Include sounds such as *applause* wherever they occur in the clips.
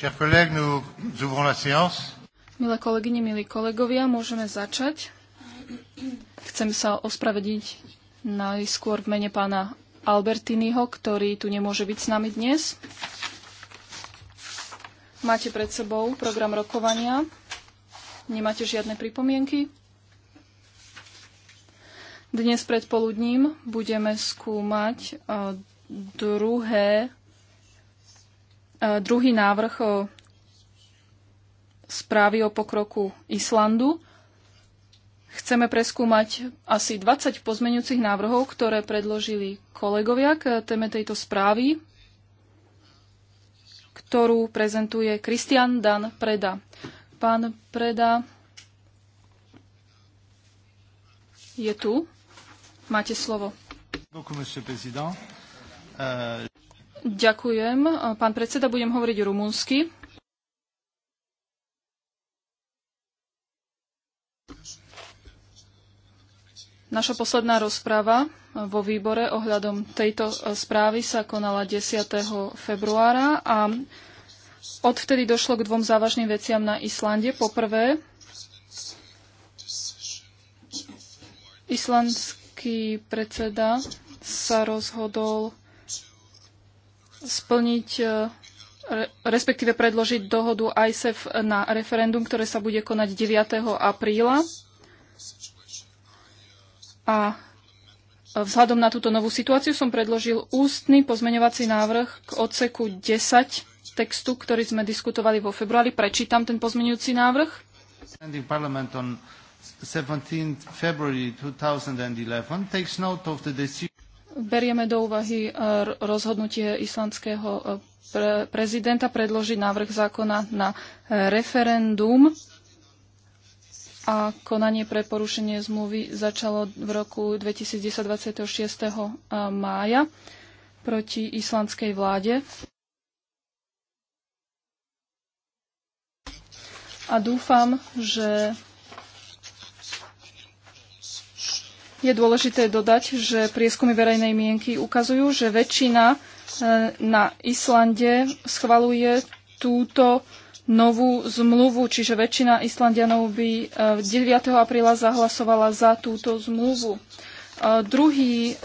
Chers collègues, nous ouvrons la séance. Milé kolegyne, milí kolegovia, môžeme začať. Chcem sa ospravediť najskôr v mene pána Albertiniho, ktorý tu nemôže byť s nami dnes. Máte pred sebou program rokovania. Nemáte žiadne pripomienky? Dnes predpoludním budeme skúmať eh, druhé E, druhý návrh e, správy o pokroku Islandu. Chceme preskúmať asi 20 pozmeňujúcich návrhov, ktoré predložili kolegovia k téme tejto správy, ktorú prezentuje Kristian Dan Preda. Pán Preda je tu. Máte slovo. Ďakujem. Pán predseda, budem hovoriť rumúnsky. Naša posledná rozprava vo výbore ohľadom tejto správy sa konala 10. februára a odvtedy došlo k dvom závažným veciam na Islande. Poprvé, islandský predseda sa rozhodol splniť, e, respektíve predložiť dohodu ISEF na referendum, ktoré sa bude konať 9. apríla. A vzhľadom na túto novú situáciu som predložil ústny pozmeňovací návrh k odseku 10 textu, ktorý sme diskutovali vo februári. Prečítam ten pozmeňujúci návrh. 17 February 2011 takes note of the decision berieme do úvahy e, rozhodnutie islandského e, prezidenta predložiť návrh zákona na e, referendum a konanie pre porušenie zmluvy začalo v roku 2010 26. mája proti islandskej vláde. A dúfam, že Je dôležité dodať, že prieskumy verejnej mienky ukazujú, že väčšina e, na Islande schvaluje túto novú zmluvu, čiže väčšina Islandianov by 9. E, apríla zahlasovala za túto zmluvu. E, druhý,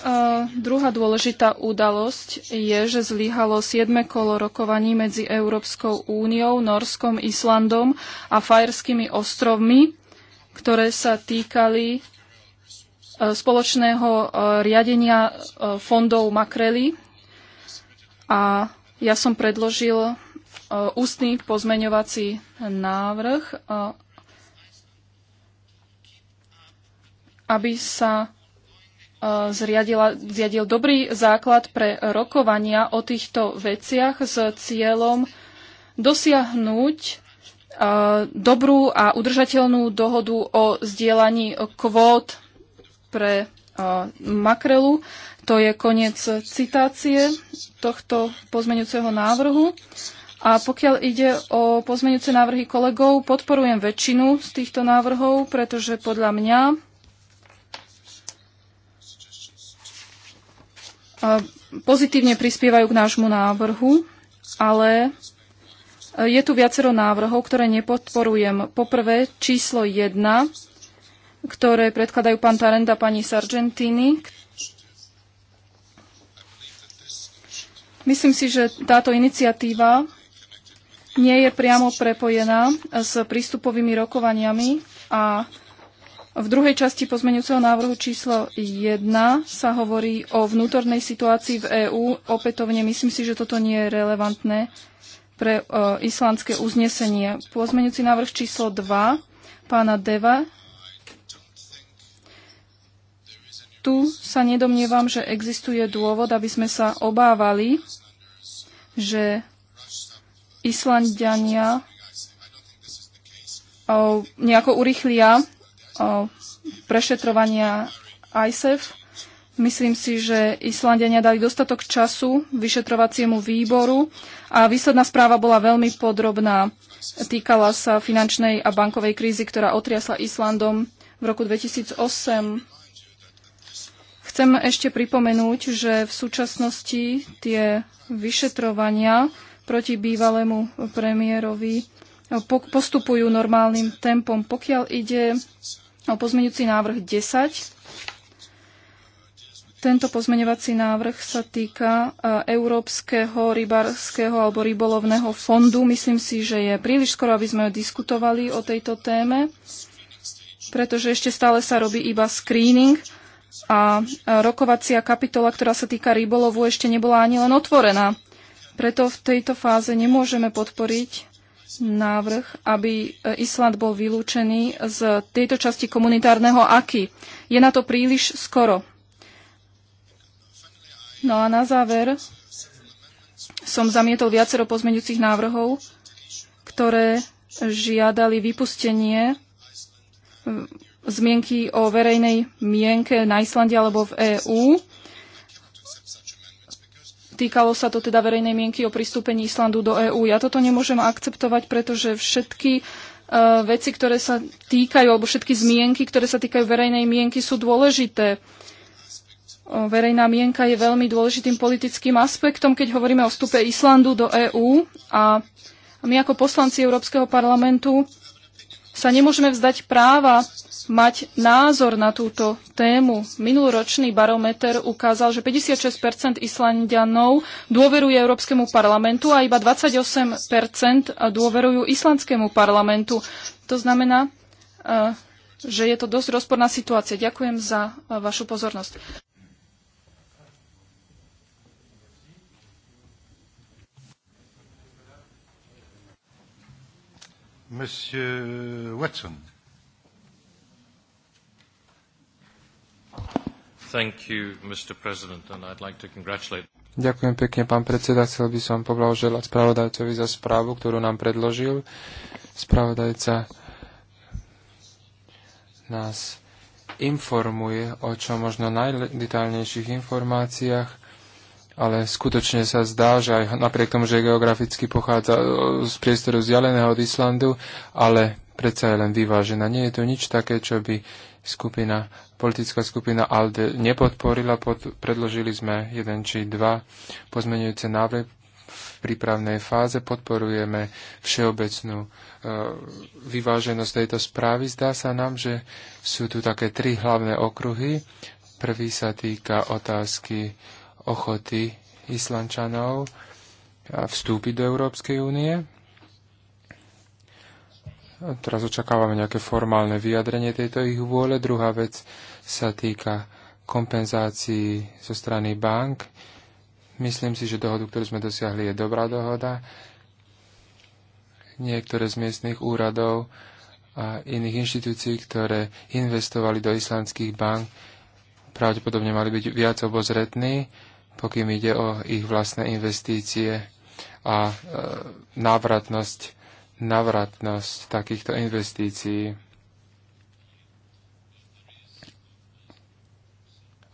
druhá dôležitá udalosť je, že zlyhalo 7. kolo rokovaní medzi Európskou úniou, Norskom, Islandom a Fajerskými ostrovmi, ktoré sa týkali E, spoločného e, riadenia e, fondov Makrely a ja som predložil ústny pozmeňovací návrh, aby sa zriadil dobrý základ pre rokovania o týchto veciach s cieľom dosiahnuť dobrú a udržateľnú dohodu o zdieľaní kvót pre makrelu. To je koniec citácie tohto pozmeňujúceho návrhu. A pokiaľ ide o pozmeňujúce návrhy kolegov, podporujem väčšinu z týchto návrhov, pretože podľa mňa pozitívne prispievajú k nášmu návrhu, ale e, je tu viacero návrhov, ktoré nepodporujem. Poprvé, číslo 1 ktoré predkladajú pán Tarenda a pani Sargentini. Myslím si, že táto iniciatíva nie je priamo prepojená s prístupovými rokovaniami a v druhej časti pozmeňujúceho návrhu číslo 1 sa hovorí o vnútornej situácii v EÚ. Opätovne myslím si, že toto nie je relevantné pre e, islandské uznesenie. Pozmeňujúci návrh číslo 2 pána Deva tu sa nedomnievam, že existuje dôvod, aby sme sa obávali, že Islandiania nejako urychlia prešetrovania ISEF. Myslím si, že Islandiania dali dostatok času vyšetrovaciemu výboru a výsledná správa bola veľmi podrobná. Týkala sa finančnej a bankovej krízy, ktorá otriasla Islandom v roku 2008 Chcem ešte pripomenúť, že v súčasnosti tie vyšetrovania proti bývalému premiérovi e, postupujú normálnym tempom. Pokiaľ ide o pozmeňujúci návrh 10, tento pozmeňovací návrh sa týka e, Európskeho rybárskeho alebo rybolovného fondu. Myslím si, že je príliš skoro, aby sme diskutovali o tejto téme, pretože ešte stále sa robí iba screening a rokovacia kapitola, ktorá sa týka rybolovu, ešte nebola ani len otvorená. Preto v tejto fáze nemôžeme podporiť návrh, aby Island bol vylúčený z tejto časti komunitárneho AKI. Je na to príliš skoro. No a na záver som zamietol viacero pozmeňujúcich návrhov, ktoré žiadali vypustenie zmienky o verejnej mienke na Islande alebo v EÚ. Týkalo sa to teda verejnej mienky o pristúpení Islandu do EÚ. Ja toto nemôžem akceptovať, pretože všetky uh, veci, ktoré sa týkajú, alebo všetky zmienky, ktoré sa týkajú verejnej mienky, sú dôležité. E, verejná mienka je veľmi dôležitým politickým aspektom, keď hovoríme o vstupe Islandu do EÚ a my ako poslanci Európskeho parlamentu sa nemôžeme vzdať práva mať názor na túto tému. Minuloročný barometer ukázal, že 56 Islandianov dôveruje Európskemu parlamentu a iba 28 dôverujú Islandskému parlamentu. To znamená, eh, že je to dosť rozporná situácia. Ďakujem za eh, vašu pozornosť. Monsieur Watson. You, like Ďakujem pekne, pán predseda. Chcel by som poblahoželať spravodajcovi za správu, ktorú nám predložil. Spravodajca nás informuje o čo možno najdetálnejších informáciách, ale skutočne sa zdá, že aj napriek tomu, že geograficky pochádza e, z priestoru vzdialeného od Islandu, ale predsa je len vyvážená. Nie je to nič také, čo by skupina politická skupina ALDE nepodporila, pod, predložili sme jeden či dva pozmenujúce návrhy v prípravnej fáze, podporujeme všeobecnú e, vyváženosť tejto správy. Zdá sa nám, že sú tu také tri hlavné okruhy. Prvý sa týka otázky ochoty Islančanov vstúpiť do Európskej únie. Teraz očakávame nejaké formálne vyjadrenie tejto ich vôle. Druhá vec sa týka kompenzácií zo strany bank. Myslím si, že dohodu, ktorú sme dosiahli, je dobrá dohoda. Niektoré z miestnych úradov a iných inštitúcií, ktoré investovali do islandských bank, pravdepodobne mali byť viac obozretní, pokým ide o ich vlastné investície a e, návratnosť navratnosť takýchto investícií.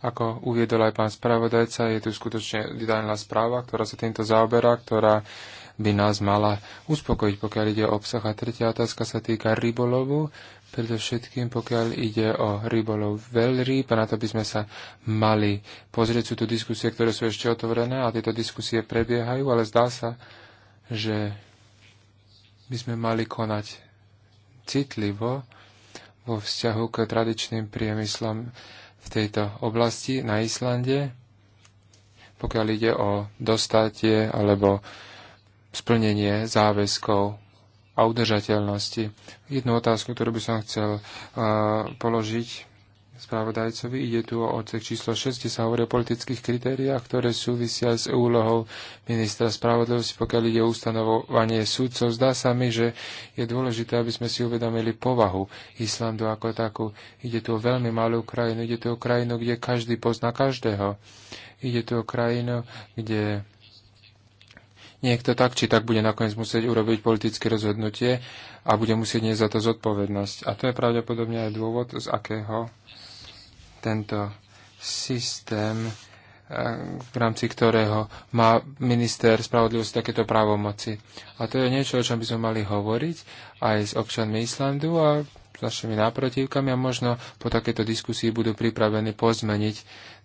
Ako uviedol aj pán spravodajca, je tu skutočne detailná správa, ktorá sa týmto zaoberá, ktorá by nás mala uspokojiť, pokiaľ ide o obsah. A tretia otázka sa týka rybolovu, predovšetkým pokiaľ ide o rybolov veľrýb, a na to by sme sa mali pozrieť. Sú tu diskusie, ktoré sú ešte otvorené a tieto diskusie prebiehajú, ale zdá sa, že by sme mali konať citlivo vo vzťahu k tradičným priemyslom v tejto oblasti na Islande, pokiaľ ide o dostatie alebo splnenie záväzkov a udržateľnosti. Jednu otázku, ktorú by som chcel uh, položiť, spravodajcovi. Ide tu o odsek číslo 6, kde sa hovorí o politických kritériách, ktoré súvisia s úlohou ministra spravodlivosti, pokiaľ ide o ustanovovanie súdcov. Zdá sa mi, že je dôležité, aby sme si uvedomili povahu Islandu ako takú. Ide tu o veľmi malú krajinu, ide tu o krajinu, kde každý pozná každého. Ide tu o krajinu, kde niekto tak či tak bude nakoniec musieť urobiť politické rozhodnutie a bude musieť nieť za to zodpovednosť. A to je pravdepodobne aj dôvod, z akého tento systém, e, v rámci ktorého má minister spravodlivosti takéto právomoci. A to je niečo, o čom by sme mali hovoriť aj s občanmi Islandu a s našimi náprotivkami a možno po takéto diskusii budú pripravení pozmeniť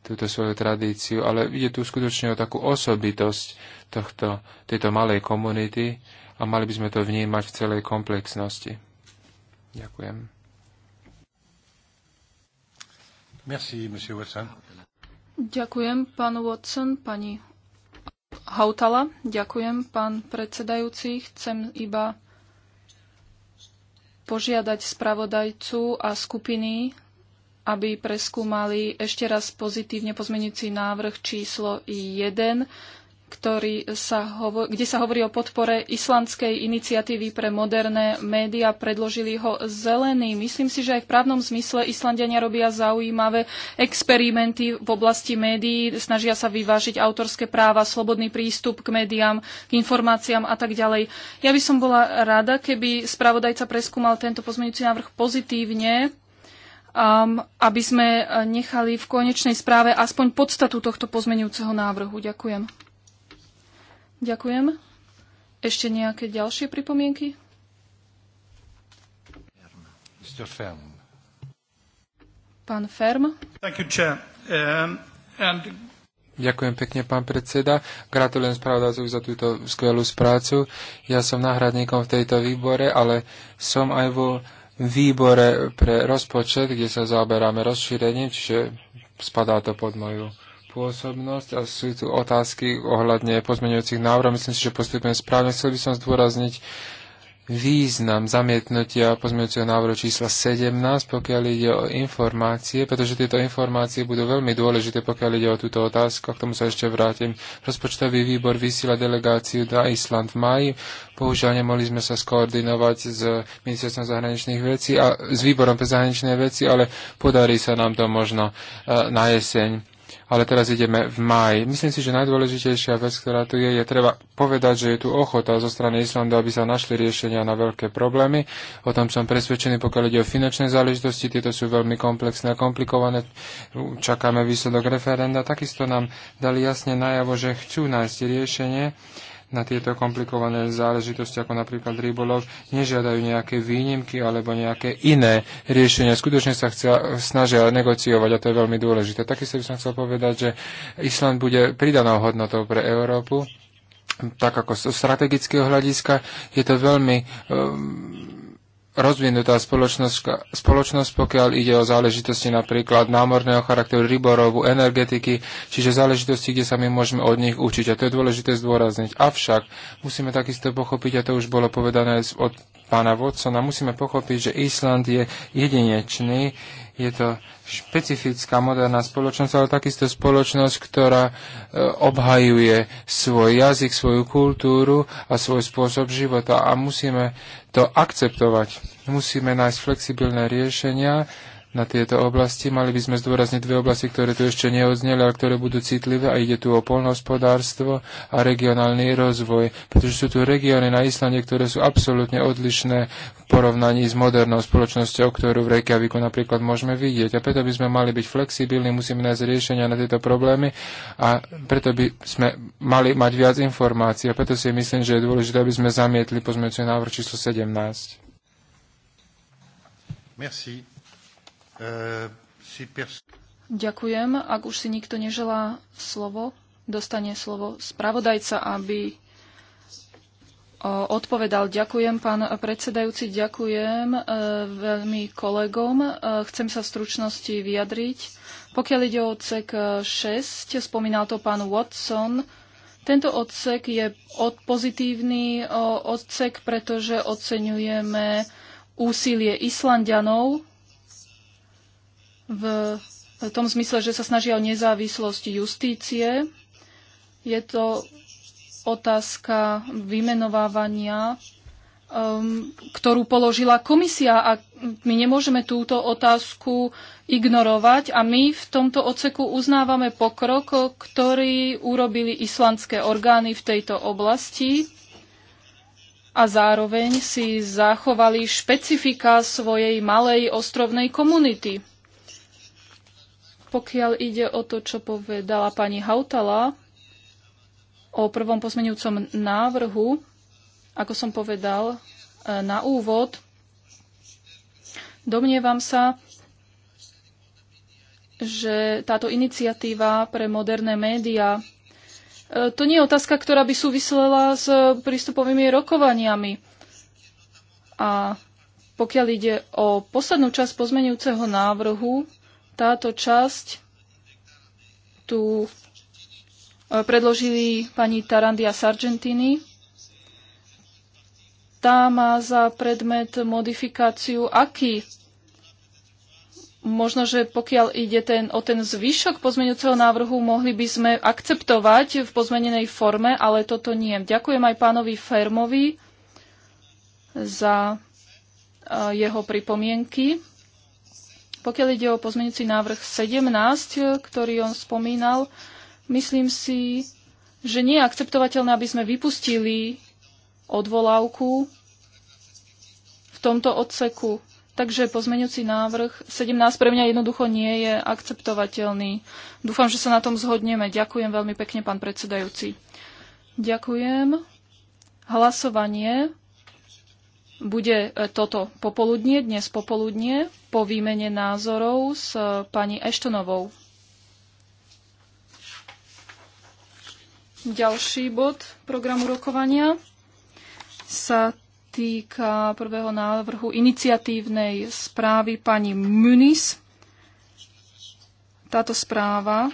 túto svoju tradíciu. Ale ide tu skutočne o takú osobitosť tohto, tejto malej komunity a mali by sme to vnímať v celej komplexnosti. Ďakujem. Merci, monsieur Watson. Ďakujem, pán Watson, pani Hautala. Ďakujem, pán predsedajúci. Chcem iba požiadať spravodajcu a skupiny, aby preskúmali ešte raz pozitívne pozmenujúci návrh číslo 1 ktorý sa hovo- kde sa hovorí o podpore islandskej iniciatívy pre moderné médiá. Predložili ho zelený. Myslím si, že aj v právnom zmysle Islandiania robia zaujímavé experimenty v oblasti médií. Snažia sa vyvážiť autorské práva, slobodný prístup k médiám, k informáciám a tak ďalej. Ja by som bola rada, keby spravodajca preskúmal tento pozmeňujúci návrh pozitívne, um, aby sme nechali v konečnej správe aspoň podstatu tohto pozmeňujúceho návrhu. Ďakujem. Ďakujem. Ešte nejaké ďalšie pripomienky? Pán Ferm. Um, Ďakujem pekne, pán predseda. Gratulujem spravodajcu za túto skvelú sprácu. Ja som náhradníkom v tejto výbore, ale som aj vo výbore pre rozpočet, kde sa zaoberáme rozšírením, čiže spadá to pod moju pôsobnosť a sú tu otázky ohľadne pozmeňujúcich návrhov. Myslím si, že postupujem správne. Chcel by som zdôrazniť význam zamietnutia pozmeňujúceho návrhu čísla 17, pokiaľ ide o informácie, pretože tieto informácie budú veľmi dôležité, pokiaľ ide o túto otázku. k tomu sa ešte vrátim. Rozpočtový výbor vysiela delegáciu na Island v maji. Bohužiaľ nemohli sme sa skoordinovať s ministerstvom zahraničných vecí a s výborom pre zahraničné veci, ale podarí sa nám to možno eh, na jeseň ale teraz ideme v maji. Myslím si, že najdôležitejšia vec, ktorá tu je, je treba povedať, že je tu ochota zo strany Islandu, aby sa našli riešenia na veľké problémy. O tom som presvedčený, pokiaľ ide o finančné záležitosti, tieto sú veľmi komplexné a komplikované. Čakáme výsledok referenda. Takisto nám dali jasne najavo, že chcú nájsť riešenie na tieto komplikované záležitosti, ako napríklad rybolov, nežiadajú nejaké výnimky alebo nejaké iné riešenia. Skutočne sa chcia, snažia negociovať a to je veľmi dôležité. Takisto by som chcel povedať, že Island bude pridanou hodnotou pre Európu tak ako z strategického hľadiska, je to veľmi um, rozvinutá spoločnosť, spoločnosť, pokiaľ ide o záležitosti napríklad námorného charakteru, ryborovu, energetiky, čiže záležitosti, kde sa my môžeme od nich učiť. A to je dôležité zdôrazniť. Avšak musíme takisto pochopiť, a to už bolo povedané od pána Watsona, musíme pochopiť, že Island je jedinečný, je to špecifická moderná spoločnosť, ale takisto spoločnosť, ktorá e, obhajuje svoj jazyk, svoju kultúru a svoj spôsob života. A musíme to akceptovať. Musíme nájsť flexibilné riešenia, na tieto oblasti. Mali by sme zdôrazniť dve oblasti, ktoré tu ešte neodzneli, ale ktoré budú citlivé a ide tu o polnohospodárstvo a regionálny rozvoj, pretože sú tu regióny na Islande, ktoré sú absolútne odlišné v porovnaní s modernou spoločnosťou, ktorú v Reykjaviku napríklad môžeme vidieť. A preto by sme mali byť flexibilní, musíme nájsť riešenia na tieto problémy a preto by sme mali mať viac informácií. A preto si myslím, že je dôležité, aby sme zamietli pozmeňujúci návrh číslo 17. Merci. Ďakujem. Ak už si nikto neželá slovo, dostane slovo spravodajca, aby odpovedal. Ďakujem, pán predsedajúci, ďakujem e, veľmi kolegom. E, chcem sa v stručnosti vyjadriť. Pokiaľ ide o odsek 6, e, spomínal to pán Watson, tento odsek je pozitívny odsek, pretože oceňujeme úsilie Islandianov v tom zmysle, že sa snažia o nezávislosť justície. Je to otázka vymenovávania, um, ktorú položila komisia a my nemôžeme túto otázku ignorovať a my v tomto odseku uznávame pokrok, ktorý urobili islandské orgány v tejto oblasti a zároveň si zachovali špecifika svojej malej ostrovnej komunity. Pokiaľ ide o to, čo povedala pani Hautala o prvom posmenujúcom návrhu, ako som povedal e, na úvod, domnievam sa, že táto iniciatíva pre moderné médiá e, to nie je otázka, ktorá by súvislela s prístupovými rokovaniami. A pokiaľ ide o poslednú časť pozmenujúceho návrhu, táto časť tu e, predložili pani Tarandia Sargentini. Tá má za predmet modifikáciu aký možno, že pokiaľ ide ten, o ten zvyšok pozmeňujúceho návrhu, mohli by sme akceptovať v pozmenenej forme, ale toto nie. Ďakujem aj pánovi Fermovi za e, jeho pripomienky. Pokiaľ ide o pozmeňujúci návrh 17, ktorý on spomínal, myslím si, že nie je akceptovateľné, aby sme vypustili odvolávku v tomto odseku. Takže pozmeňujúci návrh 17 pre mňa jednoducho nie je akceptovateľný. Dúfam, že sa na tom zhodneme. Ďakujem veľmi pekne, pán predsedajúci. Ďakujem. Hlasovanie bude e, toto popoludnie, dnes popoludnie, po výmene názorov s e, pani Eštonovou. Ďalší bod programu rokovania sa týka prvého návrhu iniciatívnej správy pani Muniz. Táto správa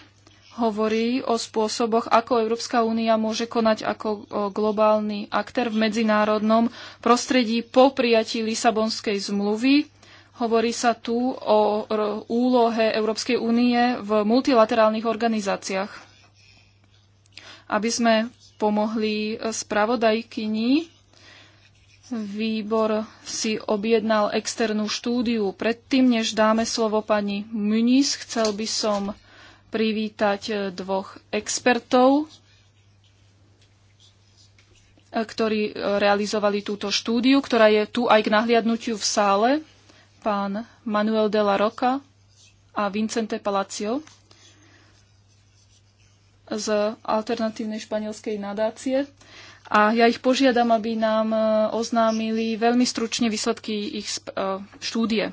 hovorí o spôsoboch, ako Európska únia môže konať ako globálny aktér v medzinárodnom prostredí po prijatí Lisabonskej zmluvy. Hovorí sa tu o úlohe Európskej únie v multilaterálnych organizáciách. Aby sme pomohli spravodajkyni, výbor si objednal externú štúdiu. Predtým, než dáme slovo pani Muniz, chcel by som privítať e, dvoch expertov, e, ktorí e, realizovali túto štúdiu, ktorá je tu aj k nahliadnutiu v sále, pán Manuel de la Roca a Vincente Palacio z Alternatívnej španielskej nadácie. A ja ich požiadam, aby nám oznámili veľmi stručne výsledky ich štúdie.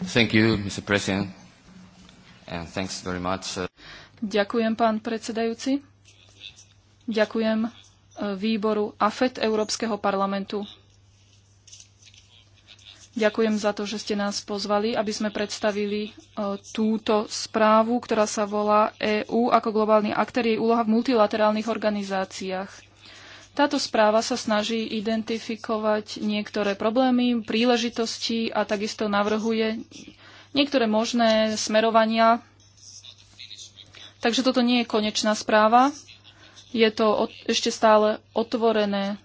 Thank you, Mr. President. And thanks very much. Uh, Ďakujem, pán predsedajúci. Ďakujem uh, výboru AFET Európskeho parlamentu. Ďakujem za to, že ste nás pozvali, aby sme predstavili uh, túto správu, ktorá sa volá EÚ ako globálny aktér, jej úloha v multilaterálnych organizáciách. Táto správa sa snaží identifikovať niektoré problémy, príležitosti a takisto navrhuje niektoré možné smerovania. Takže toto nie je konečná správa. Je to od, ešte stále otvorené.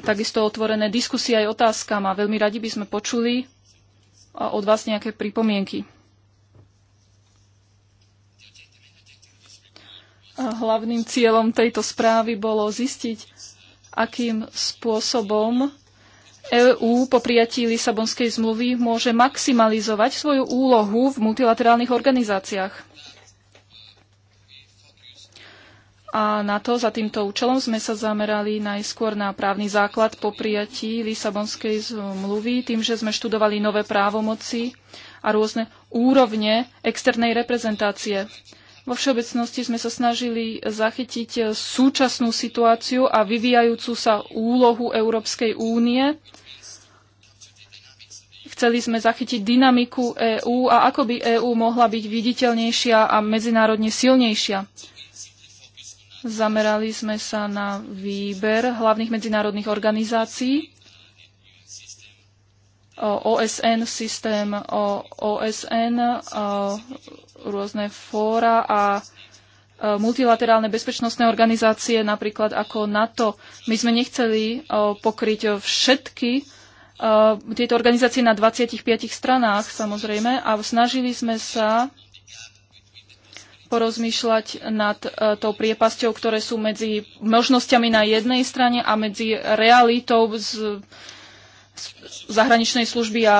Takisto otvorené diskusie aj otázkam a veľmi radi by sme počuli od vás nejaké pripomienky. Hlavným cieľom tejto správy bolo zistiť, akým spôsobom EÚ po prijatí Lisabonskej zmluvy môže maximalizovať svoju úlohu v multilaterálnych organizáciách. A na to za týmto účelom sme sa zamerali najskôr na právny základ po prijatí Lisabonskej zmluvy, tým, že sme študovali nové právomoci a rôzne úrovne externej reprezentácie. Vo všeobecnosti sme sa snažili zachytiť eh, súčasnú situáciu a vyvíjajúcu sa úlohu Európskej únie. Chceli sme zachytiť dynamiku EÚ a ako by EÚ mohla byť viditeľnejšia a medzinárodne silnejšia. Zamerali sme sa na výber hlavných medzinárodných organizácií, OSN, systém OSN, rôzne fóra a multilaterálne bezpečnostné organizácie, napríklad ako NATO. My sme nechceli pokryť všetky tieto organizácie na 25 stranách, samozrejme, a snažili sme sa porozmýšľať nad e, tou priepasťou, ktoré sú medzi možnosťami na jednej strane a medzi realitou z zahraničnej služby a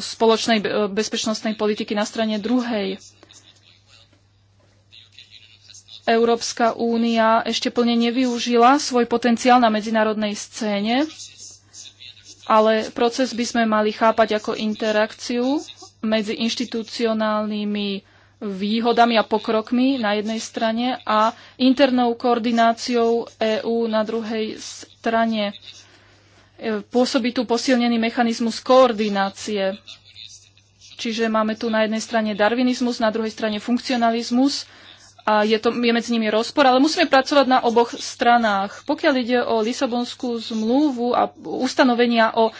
spoločnej bezpečnostnej politiky na strane druhej. Európska únia ešte plne nevyužila svoj potenciál na medzinárodnej scéne, ale proces by sme mali chápať ako interakciu medzi inštitucionálnymi výhodami a pokrokmi na jednej strane a internou koordináciou EÚ na druhej strane pôsobí tu posilnený mechanizmus koordinácie. Čiže máme tu na jednej strane darvinizmus, na druhej strane funkcionalizmus a je, to, je medzi nimi rozpor, ale musíme pracovať na oboch stranách. Pokiaľ ide o Lisabonskú zmluvu a ustanovenia o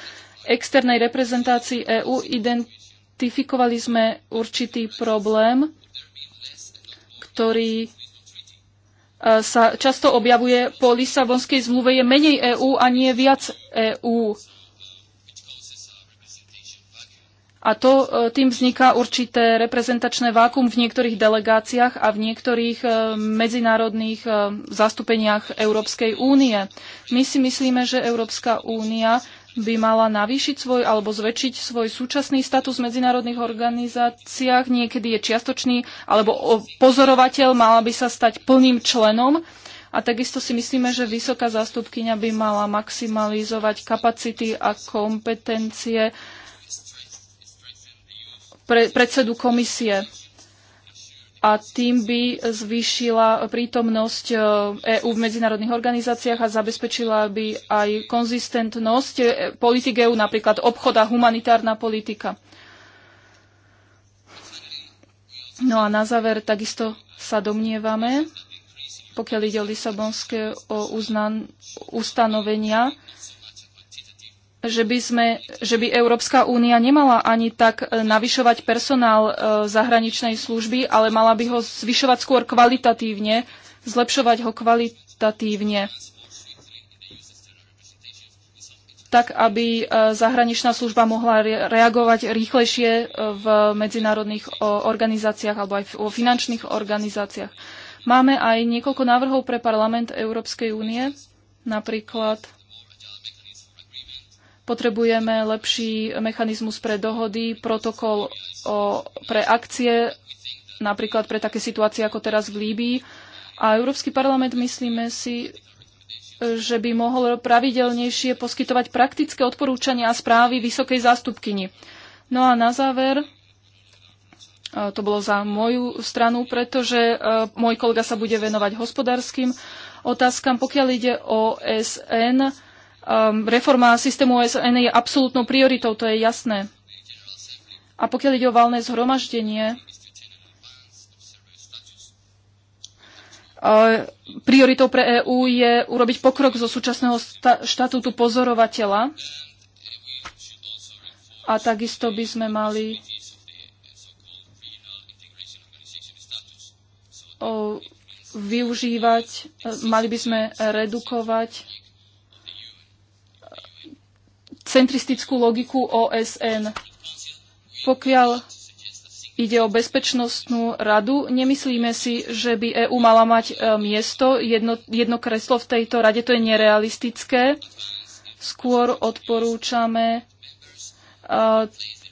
externej reprezentácii EÚ, identifikovali sme určitý problém, ktorý E, sa často objavuje po Lisabonskej zmluve, je menej EÚ a nie viac EÚ. A to e, tým vzniká určité reprezentačné vákum v niektorých delegáciách a v niektorých e, medzinárodných zastúpeniach Európskej únie. My si myslíme, že Európska únia by mala navýšiť svoj alebo zväčšiť svoj súčasný status v medzinárodných organizáciách. Niekedy je čiastočný alebo pozorovateľ mala by sa stať plným členom. A takisto si myslíme, že vysoká zástupkynia by mala maximalizovať kapacity a kompetencie pre, predsedu komisie a tým by zvýšila prítomnosť EÚ e v medzinárodných organizáciách a zabezpečila by aj konzistentnosť e, politik EÚ, napríklad obchod a humanitárna politika. No a na záver takisto sa domnievame, pokiaľ ide o Lisabonské o uznan- ustanovenia, že by, sme, že by Európska únia nemala ani tak e, navyšovať personál e, zahraničnej služby, ale mala by ho zvyšovať skôr kvalitatívne, zlepšovať ho kvalitatívne. Tak, aby e, zahraničná služba mohla reagovať rýchlejšie v medzinárodných organizáciách alebo aj vo finančných organizáciách. Máme aj niekoľko návrhov pre parlament Európskej únie, napríklad Potrebujeme lepší mechanizmus pre dohody, protokol o, pre akcie, napríklad pre také situácie ako teraz v Líbii. A Európsky parlament, myslíme si, že by mohol pravidelnejšie poskytovať praktické odporúčania a správy vysokej zástupkyni. No a na záver, to bolo za moju stranu, pretože e, môj kolega sa bude venovať hospodárskym otázkam. Pokiaľ ide o SN, Ehm, reforma systému OSN je absolútnou prioritou, to je jasné. A pokiaľ ide o valné zhromaždenie, ehm, prioritou pre EÚ je urobiť pokrok zo súčasného štatútu pozorovateľa a takisto by sme mali využívať, mali by sme redukovať centristickú logiku OSN. Pokiaľ ide o bezpečnostnú radu, nemyslíme si, že by EÚ mala mať e, miesto, jedno, jedno kreslo v tejto rade, to je nerealistické. Skôr odporúčame e,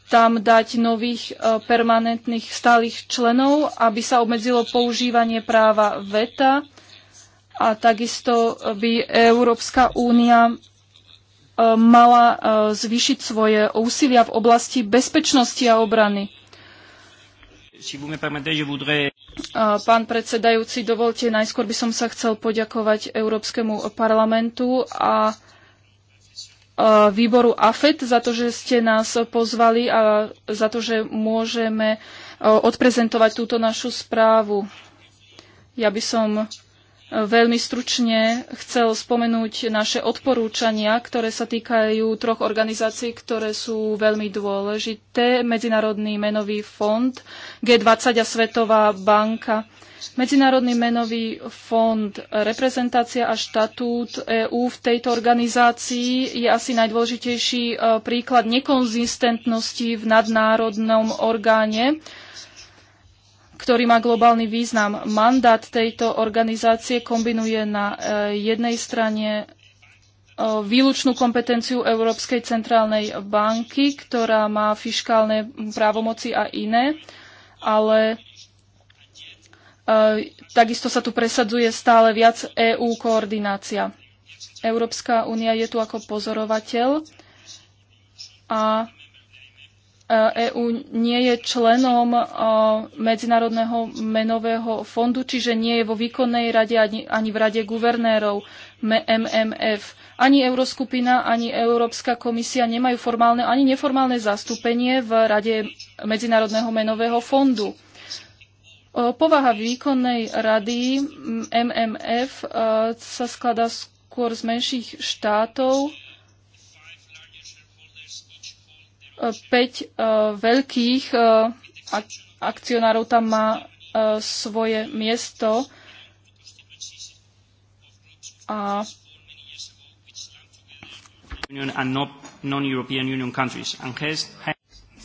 tam dať nových e, permanentných stálych členov, aby sa obmedzilo používanie práva VETA a takisto by Európska únia E, mala e, zvýšiť svoje úsilia v oblasti bezpečnosti a obrany. E, pán predsedajúci, dovolte, najskôr by som sa chcel poďakovať Európskemu parlamentu a výboru AFET za to, že ste nás pozvali a za to, že môžeme odprezentovať túto našu správu. Ja by som Veľmi stručne chcel spomenúť naše odporúčania, ktoré sa týkajú troch organizácií, ktoré sú veľmi dôležité. Medzinárodný menový fond, G20 a Svetová banka. Medzinárodný menový fond, reprezentácia a štatút EÚ v tejto organizácii je asi najdôležitejší e, príklad nekonzistentnosti v nadnárodnom orgáne ktorý má globálny význam. Mandát tejto organizácie kombinuje na e, jednej strane e, výlučnú kompetenciu Európskej centrálnej banky, ktorá má fiškálne právomoci a iné, ale e, takisto sa tu presadzuje stále viac EÚ EU koordinácia. Európska únia je tu ako pozorovateľ a EÚ e nie je členom e, Medzinárodného menového fondu, čiže nie je vo výkonnej rade ani, ani v rade guvernérov MMF. Ani Euroskupina, ani Európska komisia nemajú formálne ani neformálne zastúpenie v rade Medzinárodného menového fondu. E, povaha výkonnej rady MMF sa skladá skôr z menších štátov, 5 e, veľkých e, akcionárov tam má e, svoje miesto a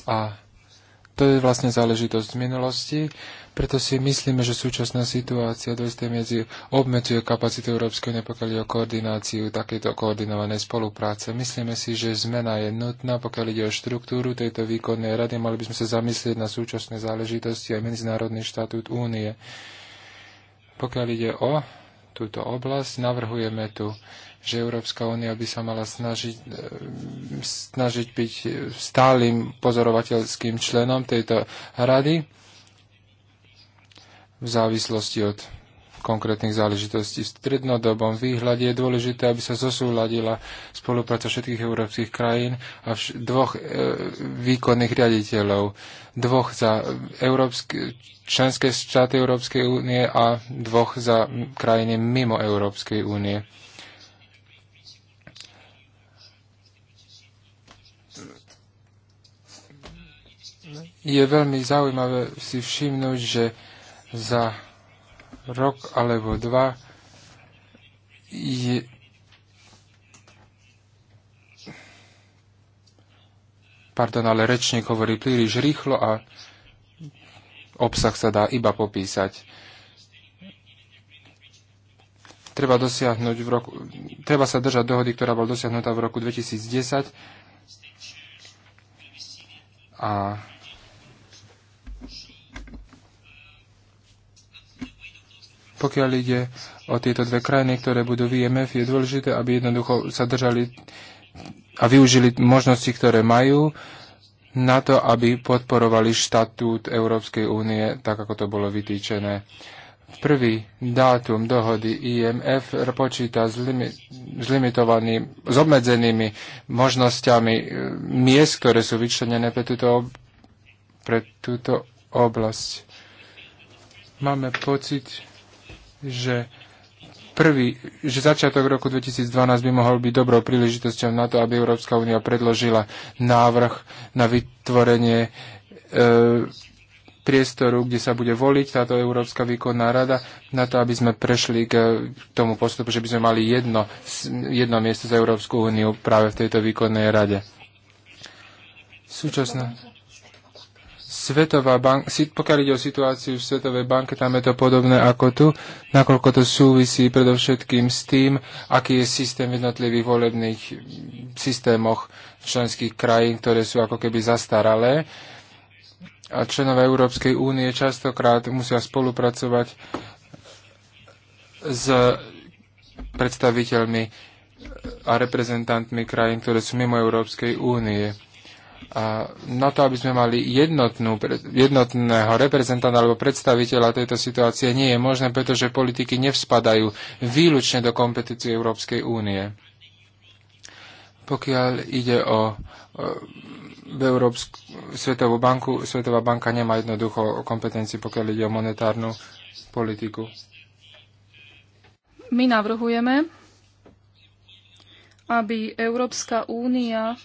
a to je vlastne záležitosť z minulosti preto si myslíme, že súčasná situácia do istej medzi obmedzuje kapacitu Európskej únie, pokiaľ ide o koordináciu takéto koordinovanej spolupráce. Myslíme si, že zmena je nutná, pokiaľ ide o štruktúru tejto výkonnej rady. Mali by sme sa zamyslieť na súčasné záležitosti aj Medzinárodný štatút únie. Pokiaľ ide o túto oblasť, navrhujeme tu že Európska únia by sa mala snažiť, eh, snažiť byť stálym pozorovateľským členom tejto rady v závislosti od konkrétnych záležitostí. V strednodobom výhľade je dôležité, aby sa zosúladila spolupráca všetkých európskych krajín a vš- dvoch e, výkonných riaditeľov. Dvoch za európske, členské štáty Európskej únie a dvoch za krajiny mimo Európskej únie. Je veľmi zaujímavé si všimnúť, že za rok alebo dva je Pardon, ale rečník hovorí príliš rýchlo a obsah sa dá iba popísať. Treba, dosiahnuť v roku, treba sa držať dohody, ktorá bola dosiahnutá v roku 2010 a Pokiaľ ide o tieto dve krajiny, ktoré budú v IMF, je dôležité, aby jednoducho sa držali a využili možnosti, ktoré majú na to, aby podporovali štatút Európskej únie, tak ako to bolo vytýčené. Prvý dátum dohody IMF počíta s, limi- s limitovaným, s obmedzenými možnosťami e, miest, ktoré sú vyčlenené pre túto, pre túto oblasť. Máme pocit, že prvý, že začiatok roku 2012 by mohol byť dobrou príležitosťou na to, aby Európska únia predložila návrh na vytvorenie e, priestoru, kde sa bude voliť táto Európska výkonná rada, na to, aby sme prešli k tomu postupu, že by sme mali jedno, jedno miesto za Európsku úniu práve v tejto výkonnej rade. Súčasná. Svetová banka, pokiaľ ide o situáciu v Svetovej banke, tam je to podobné ako tu, nakoľko to súvisí predovšetkým s tým, aký je systém v jednotlivých volebných systémoch členských krajín, ktoré sú ako keby zastaralé. A členové Európskej únie častokrát musia spolupracovať s predstaviteľmi a reprezentantmi krajín, ktoré sú mimo Európskej únie na to, aby sme mali jednotnú, jednotného reprezentanta alebo predstaviteľa tejto situácie, nie je možné, pretože politiky nevspadajú výlučne do kompetície Európskej únie. Pokiaľ ide o, o Európsku, Svetovú banku, Svetová banka nemá jednoducho kompetencii, pokiaľ ide o monetárnu politiku. My navrhujeme, aby Európska únia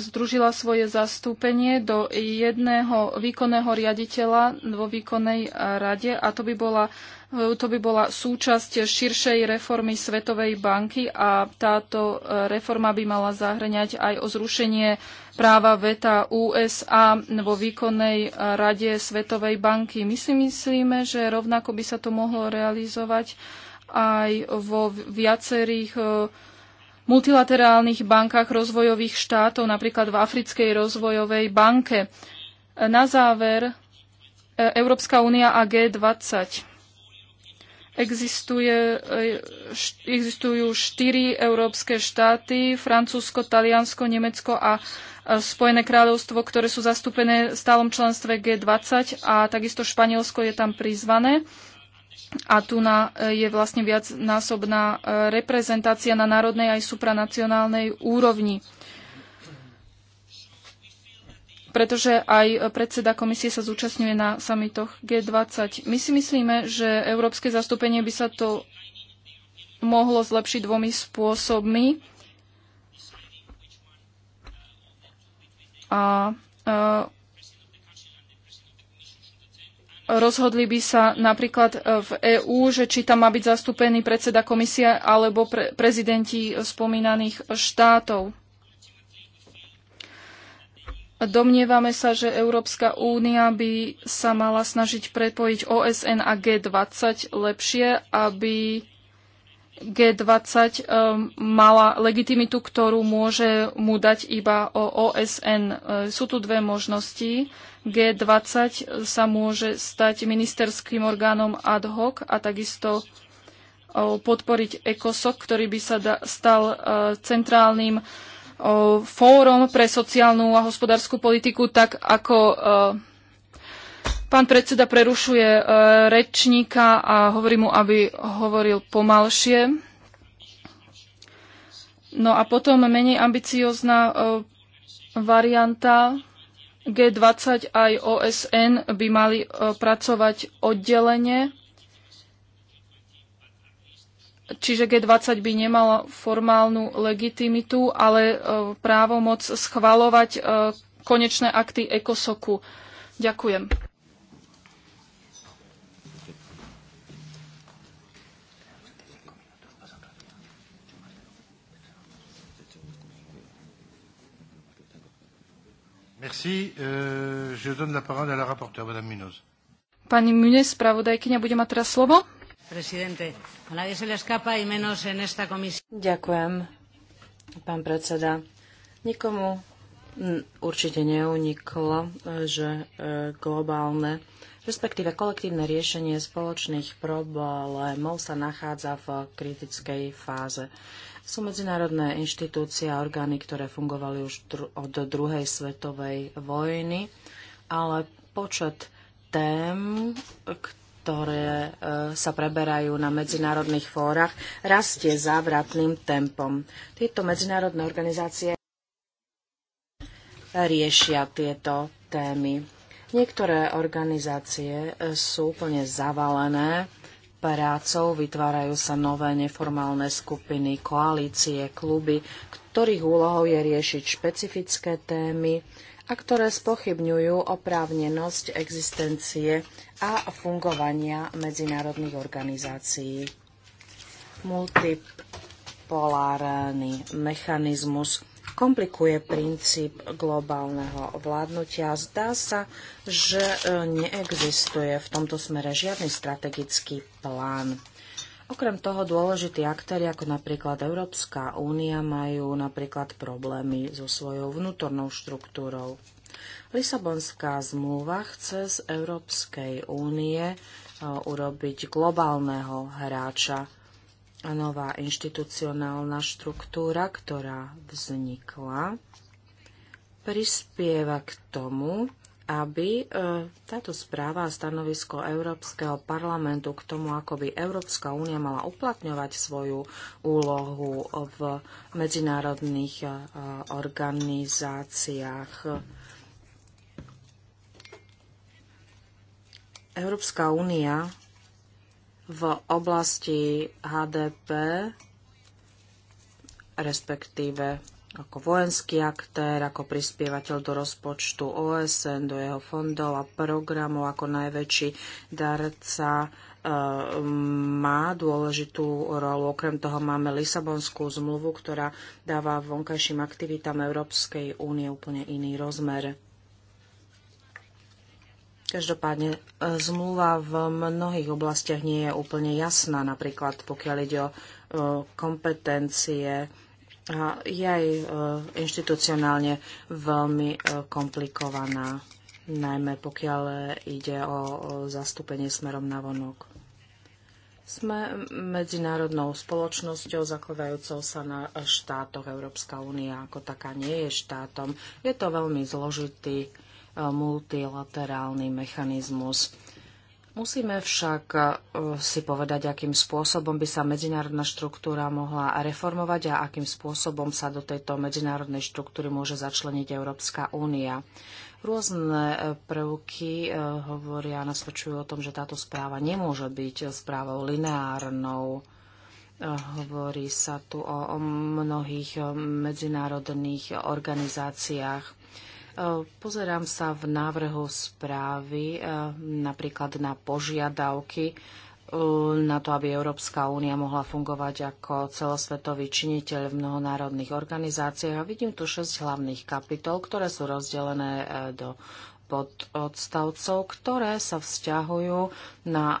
združila svoje zastúpenie do jedného výkonného riaditeľa vo výkonnej rade a to by bola, to by bola súčasť širšej reformy Svetovej banky a táto reforma by mala zahrňať aj o zrušenie práva veta USA vo výkonnej rade Svetovej banky. My si myslíme, že rovnako by sa to mohlo realizovať aj vo viacerých multilaterálnych bankách rozvojových štátov, napríklad v Africkej rozvojovej banke. Na záver e, Európska únia a G20. Existuje, e, existujú štyri európske štáty, Francúzsko, Taliansko, Nemecko a Spojené kráľovstvo, ktoré sú zastúpené v stálom členstve G20 a takisto Španielsko je tam prizvané a tu na, e, je vlastne viacnásobná e, reprezentácia na národnej aj supranacionálnej úrovni. Pretože aj predseda komisie sa zúčastňuje na samitoch G20. My si myslíme, že európske zastúpenie by sa to mohlo zlepšiť dvomi spôsobmi. A, a e, rozhodli by sa napríklad e, v EÚ, že či tam má byť zastúpený predseda komisie alebo pre, prezidenti spomínaných štátov. Domnievame sa, že Európska únia by sa mala snažiť prepojiť OSN a G20 lepšie, aby G20 um, mala legitimitu, ktorú môže mu dať iba OSN. Uh, sú tu dve možnosti. G20 sa môže stať ministerským orgánom ad hoc a takisto uh, podporiť ECOSOC, ktorý by sa stal uh, centrálnym fórom pre sociálnu a hospodárskú politiku, tak ako Pán predseda prerušuje e, rečníka a hovorí mu, aby hovoril pomalšie. No a potom menej ambiciózna e, varianta G20 aj OSN by mali e, pracovať oddelenie. Čiže G20 by nemala formálnu legitimitu, ale právomoc schvalovať konečné akty ECOSOKu. Ďakujem. Merci. Euh, je donne la parole à la rapporteure, Madame Munoz. Pani Munoz, spravodajkyňa, bude mať teraz slovo. Ďakujem, pán predseda. Nikomu určite neuniklo, že e, globálne respektíve kolektívne riešenie spoločných problémov sa nachádza v kritickej fáze. Sú medzinárodné inštitúcie a orgány, ktoré fungovali už od druhej svetovej vojny, ale počet tém, ktoré e, sa preberajú na medzinárodných fórach, rastie závratným tempom. Tieto medzinárodné organizácie riešia tieto témy. Niektoré organizácie e, sú úplne zavalené prácou, vytvárajú sa nové neformálne skupiny, koalície, kluby, ktorých úlohou je riešiť špecifické témy a ktoré spochybňujú oprávnenosť existencie a fungovania medzinárodných organizácií. Multipolárny mechanizmus komplikuje princíp globálneho vládnutia. Zdá sa, že e, neexistuje v tomto smere žiadny strategický plán. Okrem toho dôležití aktéry ako napríklad Európska únia majú napríklad problémy so svojou vnútornou štruktúrou. Lisabonská zmluva chce z Európskej únie e, urobiť globálneho hráča nová inštitucionálna štruktúra, ktorá vznikla, prispieva k tomu, aby e, táto správa a stanovisko Európskeho parlamentu k tomu, ako by Európska únia mala uplatňovať svoju úlohu v medzinárodných e, organizáciách. Európska únia v oblasti HDP, respektíve ako vojenský aktér, ako prispievateľ do rozpočtu OSN, do jeho fondov a programov, ako najväčší darca e, má dôležitú rolu. Okrem toho máme Lisabonskú zmluvu, ktorá dáva vonkajším aktivitám Európskej únie úplne iný rozmer. Každopádne e, zmluva v mnohých oblastiach nie je úplne jasná, napríklad pokiaľ ide o e, kompetencie a je aj e, inštitucionálne veľmi komplikovaná, najmä pokiaľ ide o zastúpenie smerom na vonok. Sme medzinárodnou spoločnosťou zakladajúcou sa na štátoch. Európska únia ako taká nie je štátom. Je to veľmi zložitý multilaterálny mechanizmus. Musíme však e, si povedať, akým spôsobom by sa medzinárodná štruktúra mohla reformovať a akým spôsobom sa do tejto medzinárodnej štruktúry môže začleniť Európska únia. Rôzne e, prvky e, hovoria a nasvedčujú o tom, že táto správa nemôže byť správou lineárnou. Hovorí sa tu o mnohých medzinárodných organizáciách E, pozerám sa v návrhu správy e, napríklad na požiadavky e, na to, aby Európska únia mohla fungovať ako celosvetový činiteľ v mnohonárodných organizáciách. A vidím tu šesť hlavných kapitol, ktoré sú rozdelené do pododstavcov, ktoré sa vzťahujú na e,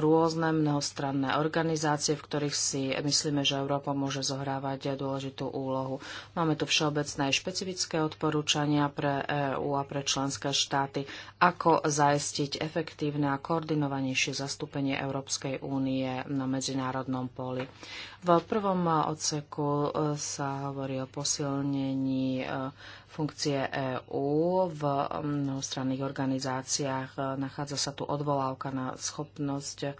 rôzne mnohostranné organizácie, v ktorých si myslíme, že Európa môže zohrávať dôležitú úlohu. Máme tu všeobecné aj špecifické odporúčania pre EÚ a pre členské štáty, ako zaistiť efektívne a koordinovanejšie zastúpenie Európskej únie na medzinárodnom poli. V prvom odseku e, sa hovorí o posilnení e, funkcie EÚ v mnohostranných organizáciách. E, nachádza sa tu odvolávka na schopnosť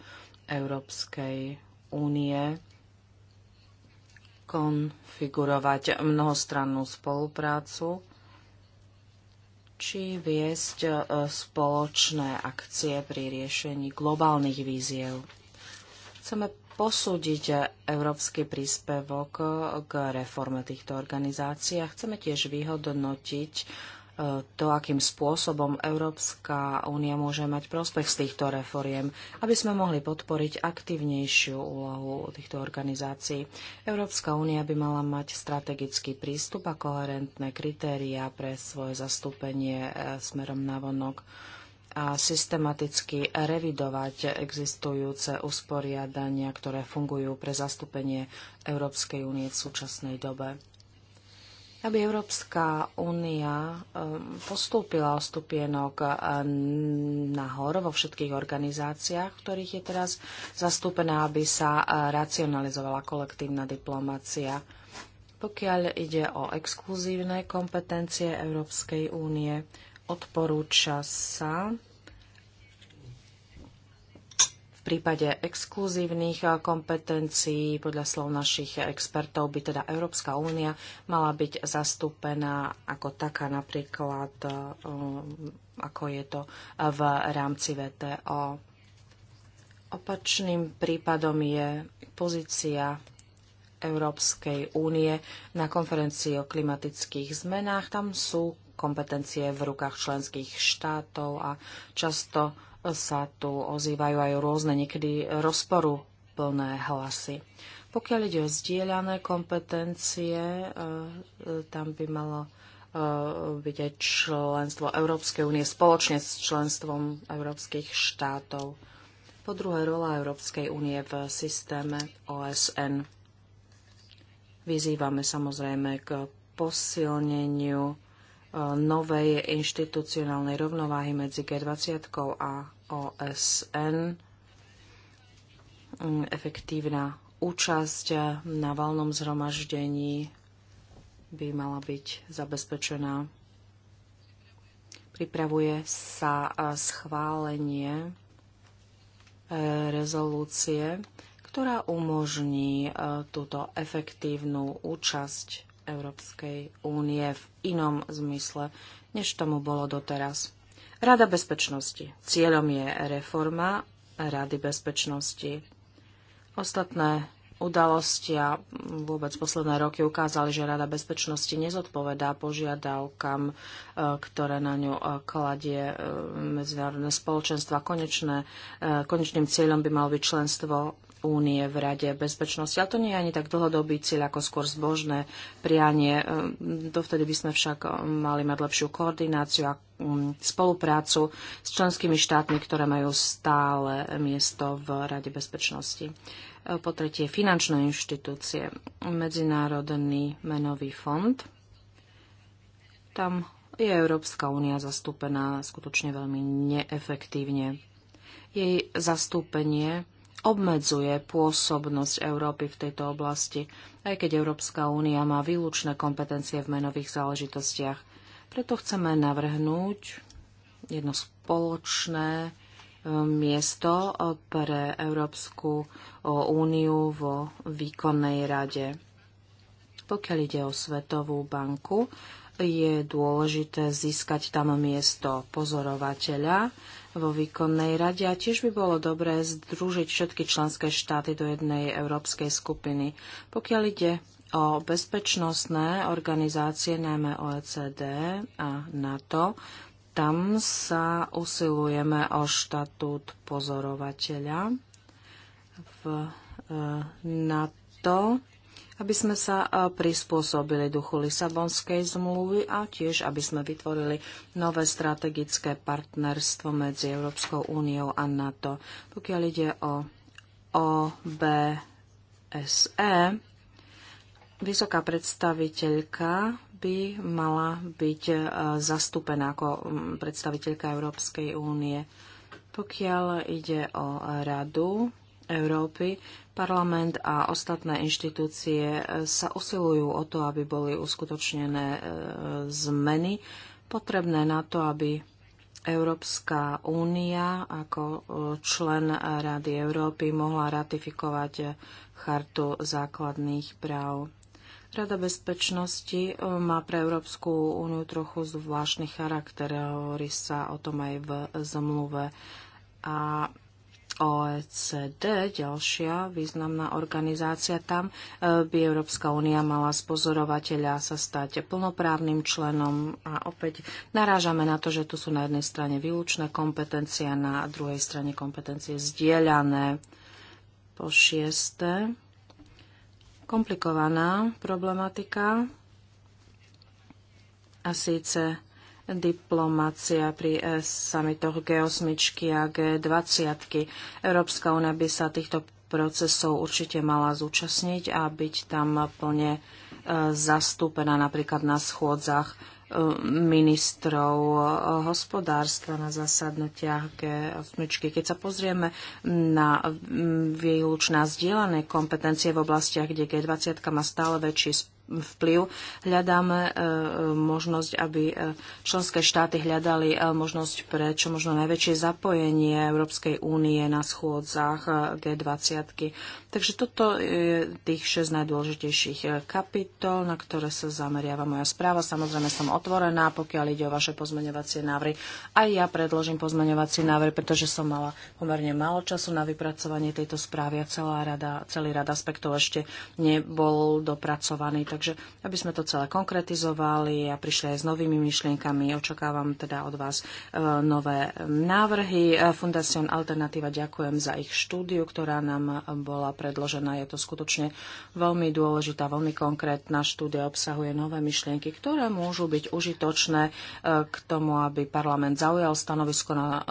Európskej únie konfigurovať mnohostrannú spoluprácu či viesť e, spoločné akcie pri riešení globálnych víziev. Chceme posúdiť európsky príspevok k reforme týchto organizácií a chceme tiež vyhodnotiť e, to, akým spôsobom Európska únia môže mať prospech z týchto reforiem, aby sme mohli podporiť aktívnejšiu úlohu týchto organizácií. Európska únia by mala mať strategický prístup a koherentné kritériá pre svoje zastúpenie e, smerom na vonok a systematicky revidovať existujúce usporiadania, ktoré fungujú pre zastúpenie Európskej únie v súčasnej dobe. Aby Európska únia um, postúpila o stupienok um, nahor vo všetkých organizáciách, v ktorých je teraz zastúpená, aby sa uh, racionalizovala kolektívna diplomácia. Pokiaľ ide o exkluzívne kompetencie Európskej únie, Odporúča sa v prípade exkluzívnych eh, kompetencií podľa slov našich expertov by teda Európska únia mala byť zastúpená ako taká napríklad, eh, eh, ako je to v rámci VTO. Opačným prípadom je pozícia Európskej únie na konferencii o klimatických zmenách. Tam sú kompetencie v rukách členských štátov a často sa tu ozývajú aj rôzne niekedy rozporu plné hlasy. Pokiaľ ide o zdieľané kompetencie, e, tam by malo e, byť aj členstvo Európskej únie spoločne s členstvom európskych štátov. Po druhé, rola Európskej únie v systéme OSN. Vyzývame samozrejme k posilneniu e, novej inštitucionálnej rovnováhy medzi G20 a OSN, mm, efektívna účasť na valnom zhromaždení by mala byť zabezpečená. Pripravuje sa e, schválenie e, rezolúcie ktorá umožní e, túto efektívnu účasť Európskej únie v inom zmysle, než tomu bolo doteraz. Rada bezpečnosti. Cieľom je reforma Rady bezpečnosti. Ostatné udalosti a vôbec posledné roky ukázali, že Rada bezpečnosti nezodpovedá požiadavkám, e, ktoré na ňu e, kladie medzinárodné spoločenstva. Konečné, konečným cieľom by malo byť členstvo únie v Rade bezpečnosti. Ale to nie je ani tak dlhodobý cieľ, ako skôr zbožné prianie. E, dovtedy by sme však e, mali mať lepšiu koordináciu a mm, spoluprácu s členskými štátmi, ktoré majú stále miesto v Rade bezpečnosti. E, po tretie, finančné inštitúcie. Medzinárodný menový fond. Tam je Európska únia zastúpená skutočne veľmi neefektívne. Jej zastúpenie obmedzuje pôsobnosť Európy v tejto oblasti, aj keď Európska únia má výlučné kompetencie v menových záležitostiach. Preto chceme navrhnúť jedno spoločné e, miesto pre Európsku e, úniu vo výkonnej rade. Pokiaľ ide o Svetovú banku, je dôležité získať tam miesto pozorovateľa, vo výkonnej rade a tiež by bolo dobré združiť všetky členské štáty do jednej európskej skupiny. Pokiaľ ide o bezpečnostné organizácie, najmä OECD a NATO, tam sa usilujeme o štatút pozorovateľa v e, NATO aby sme sa e, prispôsobili duchu Lisabonskej zmluvy a tiež, aby sme vytvorili nové strategické partnerstvo medzi Európskou úniou a NATO. Pokiaľ ide o OBSE, vysoká predstaviteľka by mala byť e, zastúpená ako predstaviteľka Európskej únie. Pokiaľ ide o radu, Európy, parlament a ostatné inštitúcie e, sa usilujú o to, aby boli uskutočnené e, zmeny potrebné na to, aby Európska únia ako e, člen Rady Európy mohla ratifikovať Chartu základných práv. Rada bezpečnosti má pre Európsku úniu trochu zvláštny charakter, hovorí sa o tom aj v zmluve. A OECD, ďalšia významná organizácia, tam e, by Európska únia mala z pozorovateľa sa stať plnoprávnym členom a opäť narážame na to, že tu sú na jednej strane výlučné kompetencie a na druhej strane kompetencie zdieľané. Po šieste, komplikovaná problematika a síce diplomácia pri eh, samitoch G8 a G20. Európska únia by sa týchto procesov určite mala zúčastniť a byť tam plne eh, zastúpená napríklad na schôdzach eh, ministrov hospodárstva na zasadnutiach G8. Keď sa pozrieme na mm, výlučná zdieľané kompetencie v oblastiach, kde G20 má stále väčší vplyv. Hľadáme e, možnosť, aby e, členské štáty hľadali e, možnosť pre čo možno najväčšie zapojenie Európskej únie na schôdzach G20. Takže toto je tých 6 najdôležitejších eh, kapitol, na ktoré sa zameriava moja správa. Samozrejme som otvorená, pokiaľ ide o vaše pozmeňovacie návrhy. Aj ja predložím pozmeňovací návrh, pretože som mala pomerne málo času na vypracovanie tejto správy a celá rada, celý rad aspektov ešte nebol dopracovaný. Takže aby sme to celé konkretizovali a prišli aj s novými myšlienkami, očakávam teda od vás eh, nové návrhy. Eh, Fundación Alternativa ďakujem za ich štúdiu, ktorá nám bola predložená. Je to skutočne veľmi dôležitá, veľmi konkrétna štúdia, obsahuje nové myšlienky, ktoré môžu byť užitočné e, k tomu, aby parlament zaujal stanovisko na e,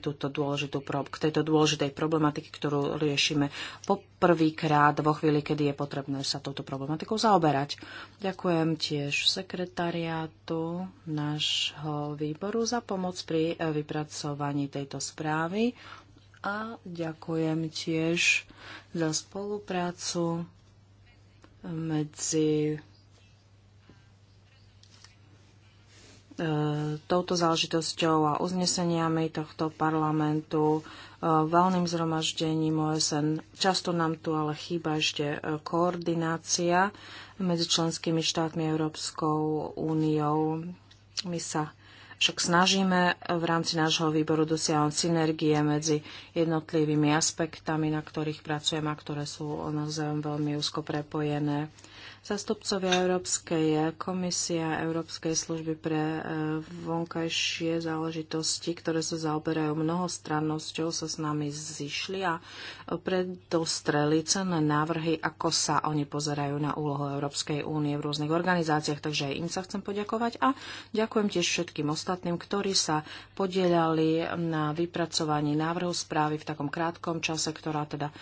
túto dôležitú, k tejto dôležitej problematiky, ktorú riešime po prvýkrát vo chvíli, kedy je potrebné sa touto problematikou zaoberať. Ďakujem tiež sekretariátu nášho výboru za pomoc pri e, vypracovaní tejto správy a ďakujem tiež za spoluprácu medzi e, touto záležitosťou a uzneseniami tohto parlamentu, e, valným zhromaždením OSN. Často nám tu ale chýba ešte e, koordinácia medzi členskými štátmi Európskou úniou. My sa však snažíme v rámci nášho výboru dosiahnuť synergie medzi jednotlivými aspektami, na ktorých pracujeme a ktoré sú naozaj veľmi úzko prepojené. Zastupcovia Európskej komisie a Európskej služby pre e, vonkajšie záležitosti, ktoré sa zaoberajú mnohostrannosťou, sa s nami zišli a predostreli cenné návrhy, ako sa oni pozerajú na úlohu Európskej únie v rôznych organizáciách. Takže aj im sa chcem poďakovať a ďakujem tiež všetkým ostatným ostatným, ktorí sa podielali na vypracovaní návrhu správy v takom krátkom čase, ktorá teda e,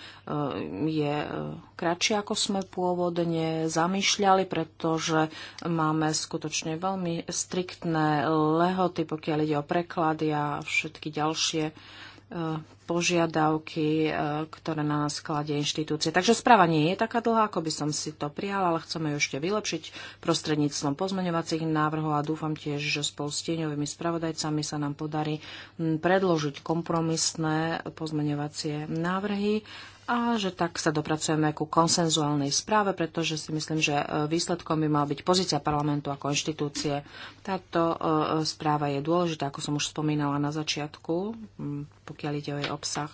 je e, kratšia, ako sme pôvodne zamýšľali, pretože máme skutočne veľmi striktné lehoty, pokiaľ ide o preklady a všetky ďalšie požiadavky, e, ktoré na nás kladie inštitúcie. Takže správa nie je taká dlhá, ako by som si to prijala, ale chceme ju ešte vylepšiť prostredníctvom pozmeňovacích návrhov a dúfam tiež, že spolu s tieňovými spravodajcami sa nám podarí predložiť kompromisné pozmeňovacie návrhy a že tak sa dopracujeme ku konsenzuálnej správe, pretože si myslím, že e, výsledkom by mala byť pozícia parlamentu ako inštitúcie. Táto e, správa je dôležitá, ako som už spomínala na začiatku, pokiaľ ide o jej obsah.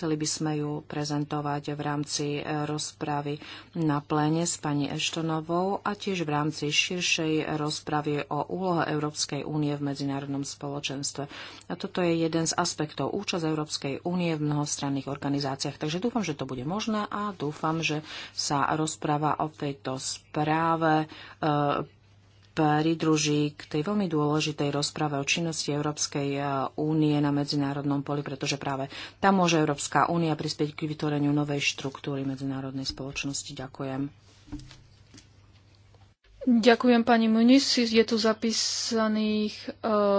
Chceli by sme ju prezentovať v rámci e, rozpravy na pléne s pani Eštonovou a tiež v rámci širšej rozpravy o úlohe Európskej únie v medzinárodnom spoločenstve. A toto je jeden z aspektov účasť Európskej únie v mnohostranných organizáciách. Takže dúfam, že to bude možné a dúfam, že sa rozpráva o tejto správe e, pridruží k tej veľmi dôležitej rozprave o činnosti Európskej eh, únie na medzinárodnom poli, pretože práve tam môže Európska únia prispieť k vytvoreniu novej štruktúry medzinárodnej spoločnosti. Ďakujem. Ďakujem pani Munisi. Je tu zapísaných e,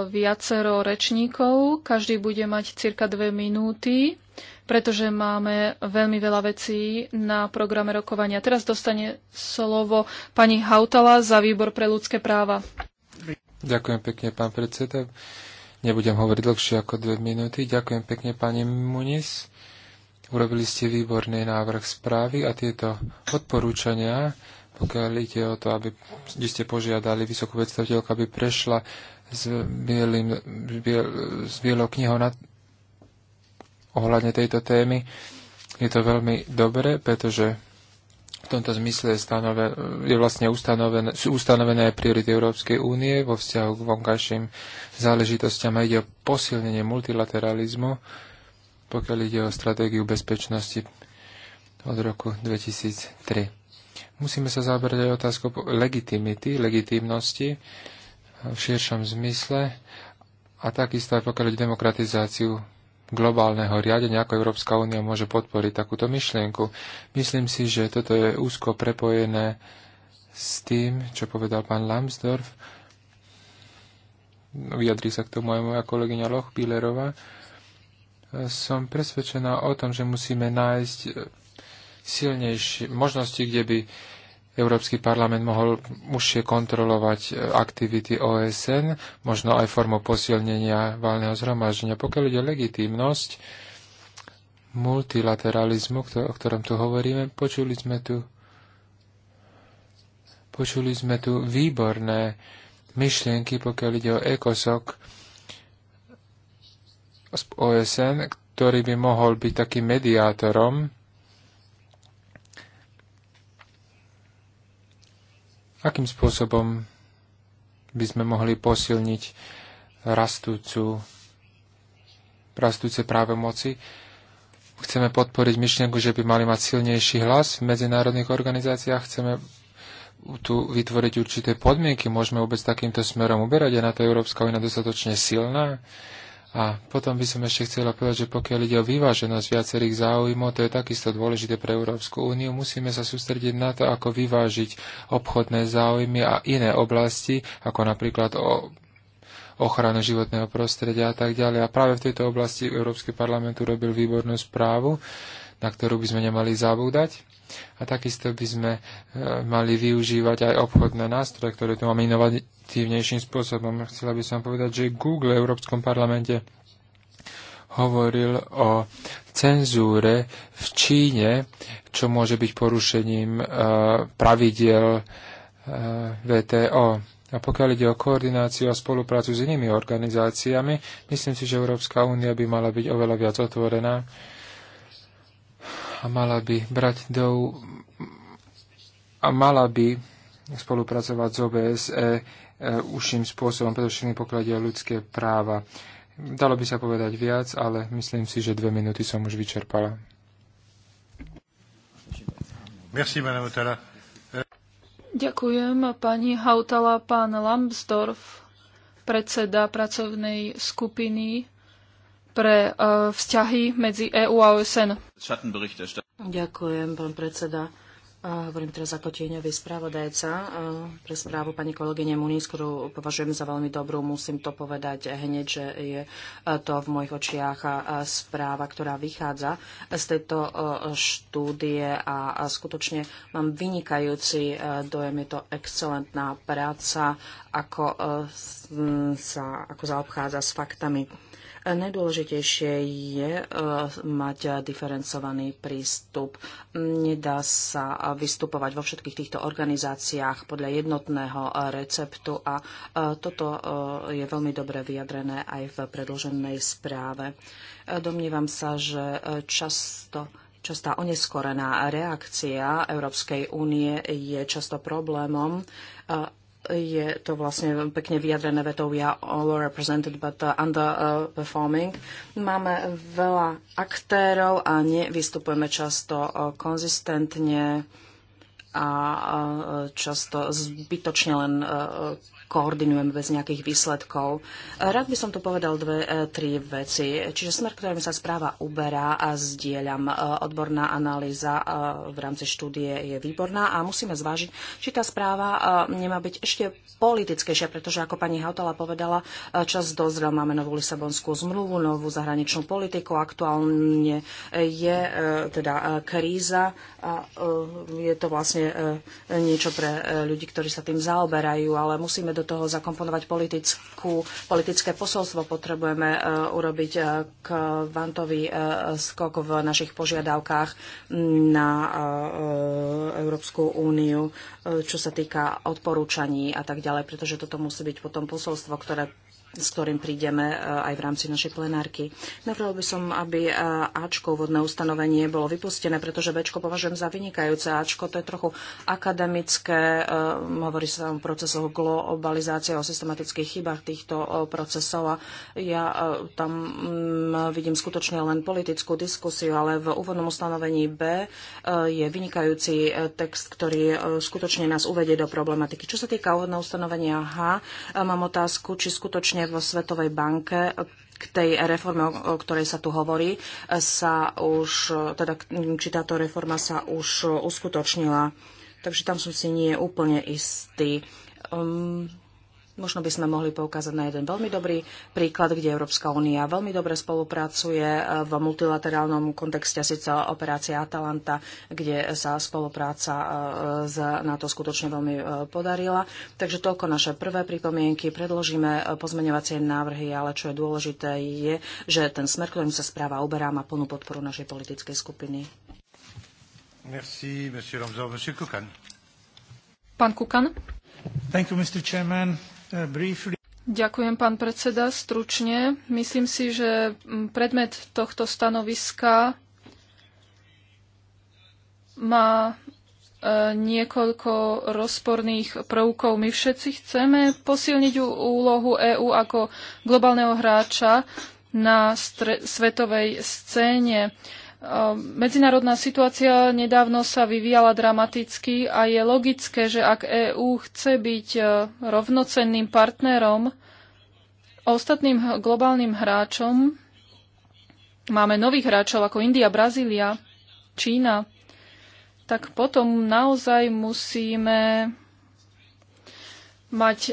viacero rečníkov. Každý bude mať cirka dve minúty, pretože máme veľmi veľa vecí na programe rokovania. Teraz dostane slovo pani Hautala za výbor pre ľudské práva. Ďakujem pekne, pán predseda. Nebudem hovoriť dlhšie ako dve minúty. Ďakujem pekne, pani Munis. Urobili ste výborný návrh správy a tieto odporúčania pokiaľ ide o to, aby kde ste požiadali vysokú predstaviteľku, aby prešla s, bielým, biel, s bielou knihou na, ohľadne tejto témy. Je to veľmi dobré, pretože v tomto zmysle je, stanoven, je vlastne ustanovené, sú ustanovené priority Európskej únie vo vzťahu k vonkajším záležitostiam a ide o posilnenie multilateralizmu, pokiaľ ide o stratégiu bezpečnosti od roku 2003. Musíme sa zabrať aj otázku legitimity, legitimnosti v širšom zmysle a takisto aj pokiaľ demokratizáciu globálneho riadenia, ako Európska únia môže podporiť takúto myšlienku. Myslím si, že toto je úzko prepojené s tým, čo povedal pán Lambsdorff. Vyjadrí sa k tomu aj moja kolegyňa Lochpílerová. Som presvedčená o tom, že musíme nájsť silnejšie možnosti, kde by Európsky parlament mohol užšie kontrolovať e, aktivity OSN, možno aj formou posilnenia valného zhromaždenia. Pokiaľ ide legitímnosť multilateralizmu, o ktorom tu hovoríme, počuli sme tu, počuli sme tu výborné myšlienky, pokiaľ ide o ECOSOC OSN, ktorý by mohol byť takým mediátorom Akým spôsobom by sme mohli posilniť rastúcu, rastúce právomoci? Chceme podporiť myšlienku, že by mali mať silnejší hlas v medzinárodných organizáciách. Chceme tu vytvoriť určité podmienky. Môžeme vôbec takýmto smerom uberať. Je na to Európska únia dostatočne silná? A potom by som ešte chcela povedať, že pokiaľ ide o vyváženosť viacerých záujmov, to je takisto dôležité pre Európsku úniu. Musíme sa sústrediť na to, ako vyvážiť obchodné záujmy a iné oblasti, ako napríklad o ochranu životného prostredia a tak ďalej. A práve v tejto oblasti Európsky parlament urobil výbornú správu na ktorú by sme nemali zabúdať. A takisto by sme e, mali využívať aj obchodné nástroje, ktoré tu máme inovatívnejším spôsobom. Chcela by som povedať, že Google v Európskom parlamente hovoril o cenzúre v Číne, čo môže byť porušením e, pravidiel e, VTO. A pokiaľ ide o koordináciu a spoluprácu s inými organizáciami, myslím si, že Európska únia by mala byť oveľa viac otvorená a mala by brať do a mala by spolupracovať s OBSE e, užším spôsobom, pretože pokiaľ o ľudské práva. Dalo by sa povedať viac, ale myslím si, že dve minúty som už vyčerpala. Merci, Ďakujem pani Hautala, pán Lambsdorff, predseda pracovnej skupiny pre e, vzťahy medzi EÚ a OSN. Ďakujem, pán predseda. Hovorím teraz ako tieňový spravodajca e, pre správu pani kolegyne Muniz, ktorú považujem za veľmi dobrú. Musím to povedať hneď, že je e, to v mojich očiach správa, ktorá vychádza z tejto štúdie a skutočne mám vynikajúci dojem. Je to excelentná práca, ako sa ako zaobchádza s faktami. Najdôležitejšie je e, mať diferencovaný prístup. Nedá sa vystupovať vo všetkých týchto organizáciách podľa jednotného e, receptu a e, toto je veľmi dobre vyjadrené aj v predloženej správe. Domnívam sa, že často Častá oneskorená reakcia Európskej únie je často problémom je to vlastne pekne vyjadrené vetou we are all represented but uh, underperforming. Máme veľa aktérov a nevystupujeme často uh, konzistentne a uh, často zbytočne len koordinujeme bez nejakých výsledkov. E, Rád by som tu povedal dve, e, tri veci. Čiže smer, ktorým sa správa uberá a zdieľam. E, odborná analýza v rámci štúdie je výborná a musíme zvážiť, či tá správa nemá byť ešte politickejšia, pretože ako pani Hautala povedala, čas dozrel. Máme novú Lisabonskú zmluvu, novú zahraničnú politiku. Aktuálne je teda kríza a je to vlastne niečo pre ľudí, ktorí sa tým zaoberajú, ale musíme do do toho zakomponovať politickú, politické posolstvo. Potrebujeme e, urobiť e, kvantový e, skok v našich požiadavkách na Európsku úniu, čo sa týka odporúčaní a tak ďalej, pretože toto musí byť potom posolstvo, ktoré s ktorým prídeme e, aj v rámci našej plenárky. Navrhol by som, aby e, Ačko vodné ustanovenie bolo vypustené, pretože Bčko považujem za vynikajúce. Ačko to je trochu akademické, e, hovorí sa o procesoch globalizácie, o systematických chybách týchto procesov a ja tam mm, vidím skutočne len politickú diskusiu, ale v úvodnom ustanovení B je vynikajúci text, ktorý skutočne nás uvedie do problematiky. Čo sa týka úvodného ustanovenia H, mám otázku, či skutočne vlastne vo Svetovej banke k tej reforme, o ktorej sa tu hovorí, sa už, teda, či táto reforma sa už uskutočnila. Takže tam som si nie úplne istý. Um, Možno by sme mohli poukázať na jeden veľmi dobrý príklad, kde Európska únia veľmi dobre spolupracuje e, v multilaterálnom kontexte, síce operácia Atalanta, kde sa spolupráca z e, NATO skutočne veľmi e, podarila. Takže toľko naše prvé pripomienky. Predložíme pozmeňovacie návrhy, ale čo je dôležité je, že ten smer, ktorým sa správa uberá, má plnú podporu našej politickej skupiny. Merci, monsieur Lomzor. Monsieur Kukan. Pán Kukan. Thank you, Mr. Chairman. Ďakujem, pán predseda, stručne. Myslím si, že predmet tohto stanoviska má e, niekoľko rozporných prvkov. My všetci chceme posilniť úlohu EÚ ako globálneho hráča na svetovej scéne. Ehm, medzinárodná situácia nedávno sa vyvíjala dramaticky a je logické, že ak EÚ chce byť e, rovnocenným partnerom ostatným globálnym hráčom, máme nových hráčov ako India, Brazília, Čína, tak potom naozaj musíme mať e,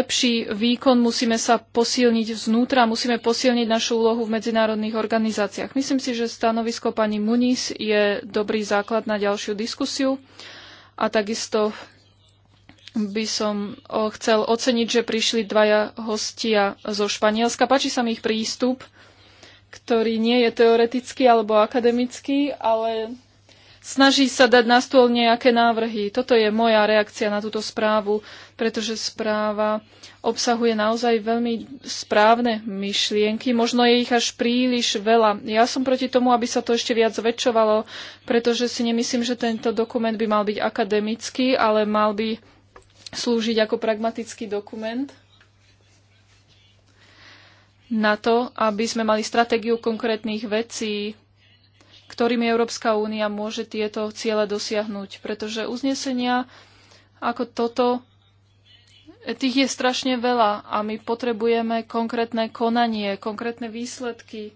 lepší výkon, musíme sa posilniť vnútra, musíme posilniť našu úlohu v medzinárodných organizáciách. Myslím si, že stanovisko pani Muniz je dobrý základ na ďalšiu diskusiu a takisto by som e, chcel oceniť, že prišli dvaja hostia zo Španielska. Páči sa mi ich prístup, ktorý nie je teoretický alebo akademický, ale snaží sa dať na stôl nejaké návrhy. Toto je moja reakcia na túto správu, pretože správa obsahuje naozaj veľmi správne myšlienky. Možno je ich až príliš veľa. Ja som proti tomu, aby sa to ešte viac zväčšovalo, pretože si nemyslím, že tento dokument by mal byť akademický, ale mal by slúžiť ako pragmatický dokument na to, aby sme mali stratégiu konkrétnych vecí, ktorými Európska únia môže tieto ciele dosiahnuť. Pretože uznesenia ako toto, tých je strašne veľa a my potrebujeme konkrétne konanie, konkrétne výsledky.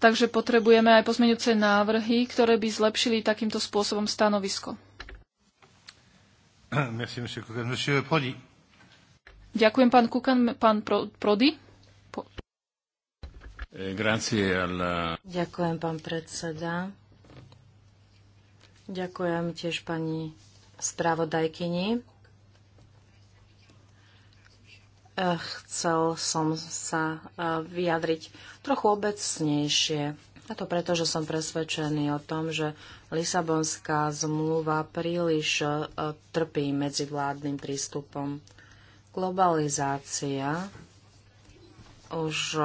Takže potrebujeme aj pozmeňujúce návrhy, ktoré by zlepšili takýmto spôsobom stanovisko. *coughs* Ďakujem, pán Kukan. Pán Prody? Eh, eh, Ďakujem, pán predseda. Ďakujem tiež pani spravodajkyni. Eh, chcel som sa vyjadriť trochu obecnejšie. A to preto, že som presvedčený o tom, že Lisabonská zmluva príliš trpí medzivládnym prístupom. Globalizácia už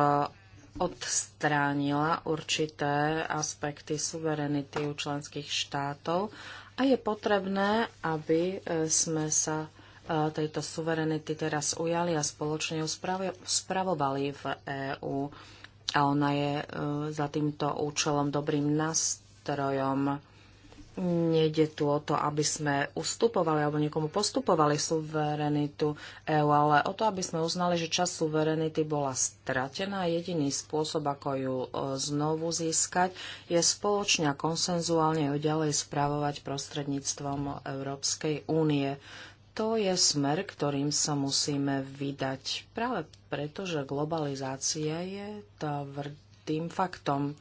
odstránila určité aspekty suverenity u členských štátov a je potrebné, aby e, sme sa e, tejto suverenity teraz ujali a spoločne ju spravovali v EÚ. A ona je e, za týmto účelom dobrým nástrojom. Nejde tu o to, aby sme ustupovali alebo niekomu postupovali suverenitu EÚ, ale o to, aby sme uznali, že čas suverenity bola stratená. Jediný spôsob, ako ju e, znovu získať, je spoločne a konsenzuálne ju ďalej spravovať prostredníctvom Európskej únie. To je smer, ktorým sa musíme vydať práve preto, že globalizácia je tvrdým faktom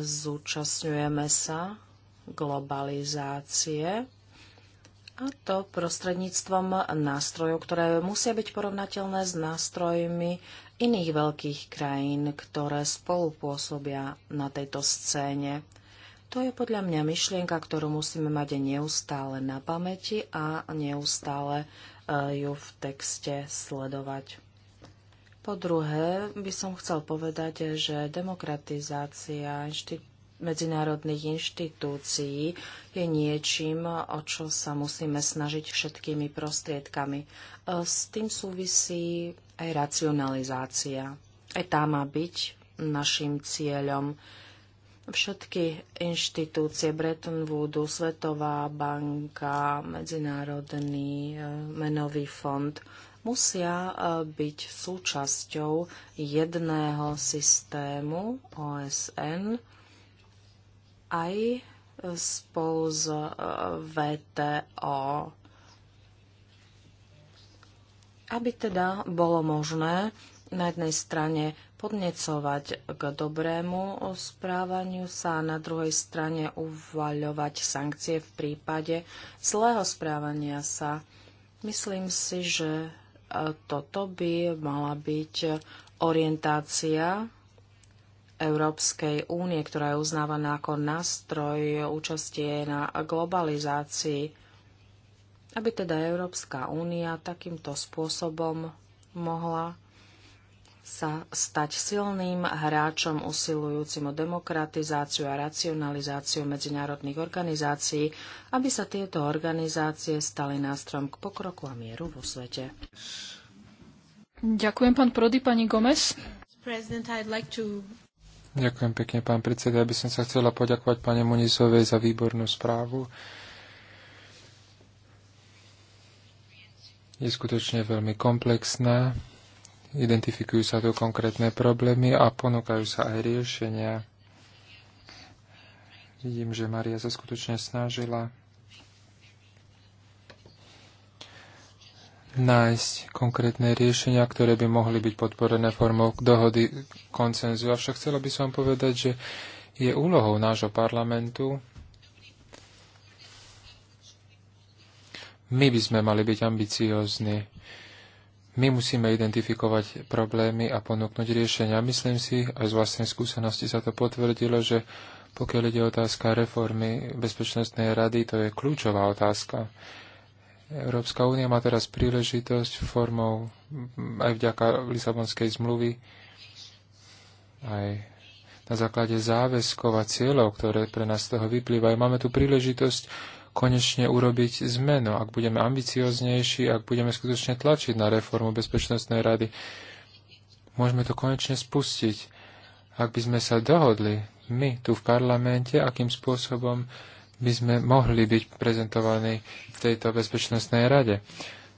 zúčastňujeme sa globalizácie a to prostredníctvom nástrojov, ktoré musia byť porovnateľné s nástrojmi iných veľkých krajín, ktoré spolupôsobia na tejto scéne. To je podľa mňa myšlienka, ktorú musíme mať neustále na pamäti a neustále e, ju v texte sledovať. Po druhé, by som chcel povedať, že demokratizácia medzinárodných inštitúcií je niečím, o čo sa musíme snažiť všetkými prostriedkami. E, s tým súvisí aj racionalizácia. Aj tá má byť našim cieľom. Všetky inštitúcie Bretton Woodu, Svetová banka, Medzinárodný e, menový fond, musia e, byť súčasťou jedného systému OSN aj spolu s e, VTO. Aby teda bolo možné na jednej strane podnecovať k dobrému správaniu sa a na druhej strane uvaľovať sankcie v prípade zlého správania sa. Myslím si, že toto by mala byť orientácia Európskej únie, ktorá je uznávaná ako nástroj účastie na globalizácii, aby teda Európska únia takýmto spôsobom mohla sa stať silným hráčom usilujúcim o demokratizáciu a racionalizáciu medzinárodných organizácií, aby sa tieto organizácie stali nástrom k pokroku a mieru vo svete. Ďakujem, pán Prody, pani Gomez. Ďakujem pekne, pán predseda. Ja by som sa chcela poďakovať pani Munisovej za výbornú správu. Je skutočne veľmi komplexná, identifikujú sa tu konkrétne problémy a ponúkajú sa aj riešenia. Vidím, že Maria sa skutočne snažila nájsť konkrétne riešenia, ktoré by mohli byť podporené formou dohody koncenzu. Avšak chcela by som povedať, že je úlohou nášho parlamentu my by sme mali byť ambiciózni my musíme identifikovať problémy a ponúknuť riešenia. Myslím si, aj z vlastnej skúsenosti sa to potvrdilo, že pokiaľ ide otázka reformy Bezpečnostnej rady, to je kľúčová otázka. Európska únia má teraz príležitosť formou aj vďaka Lisabonskej zmluvy, aj na základe záväzkov a cieľov, ktoré pre nás z toho vyplývajú. Máme tu príležitosť konečne urobiť zmenu, ak budeme ambicioznejší, ak budeme skutočne tlačiť na reformu Bezpečnostnej rady. Môžeme to konečne spustiť. Ak by sme sa dohodli, my tu v parlamente, akým spôsobom by sme mohli byť prezentovaní v tejto bezpečnostnej rade.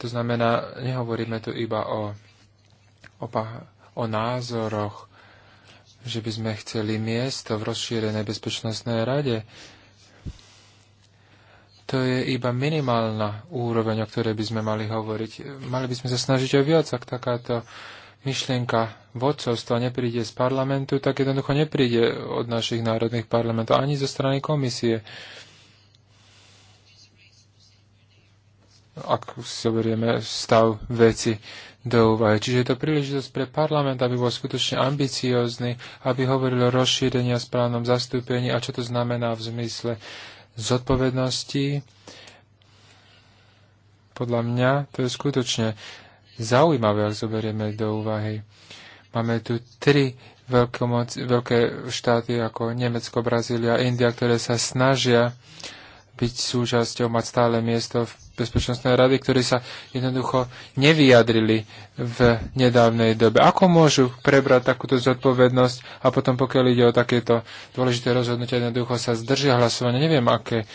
To znamená, nehovoríme tu iba o, o, o názoroch, že by sme chceli miesto v rozšírenej bezpečnostnej rade to je iba minimálna úroveň, o ktorej by sme mali hovoriť. Mali by sme sa snažiť o viac, ak takáto myšlienka vodcovstva nepríde z parlamentu, tak jednoducho nepríde od našich národných parlamentov ani zo strany komisie. Ak zoberieme stav veci do úvahy. Čiže je to príležitosť pre parlament, aby bol skutočne ambiciózny, aby hovoril o rozšírení a správnom zastúpení a čo to znamená v zmysle zodpovednosti. Podľa mňa to je skutočne zaujímavé, ak zoberieme do úvahy. Máme tu tri veľké štáty ako Nemecko, Brazília a India, ktoré sa snažia byť súčasťou, mať stále miesto v Bezpečnostnej rady, ktorí sa jednoducho nevyjadrili v nedávnej dobe. Ako môžu prebrať takúto zodpovednosť a potom, pokiaľ ide o takéto dôležité rozhodnutia, jednoducho sa zdržia hlasovanie. Neviem, aké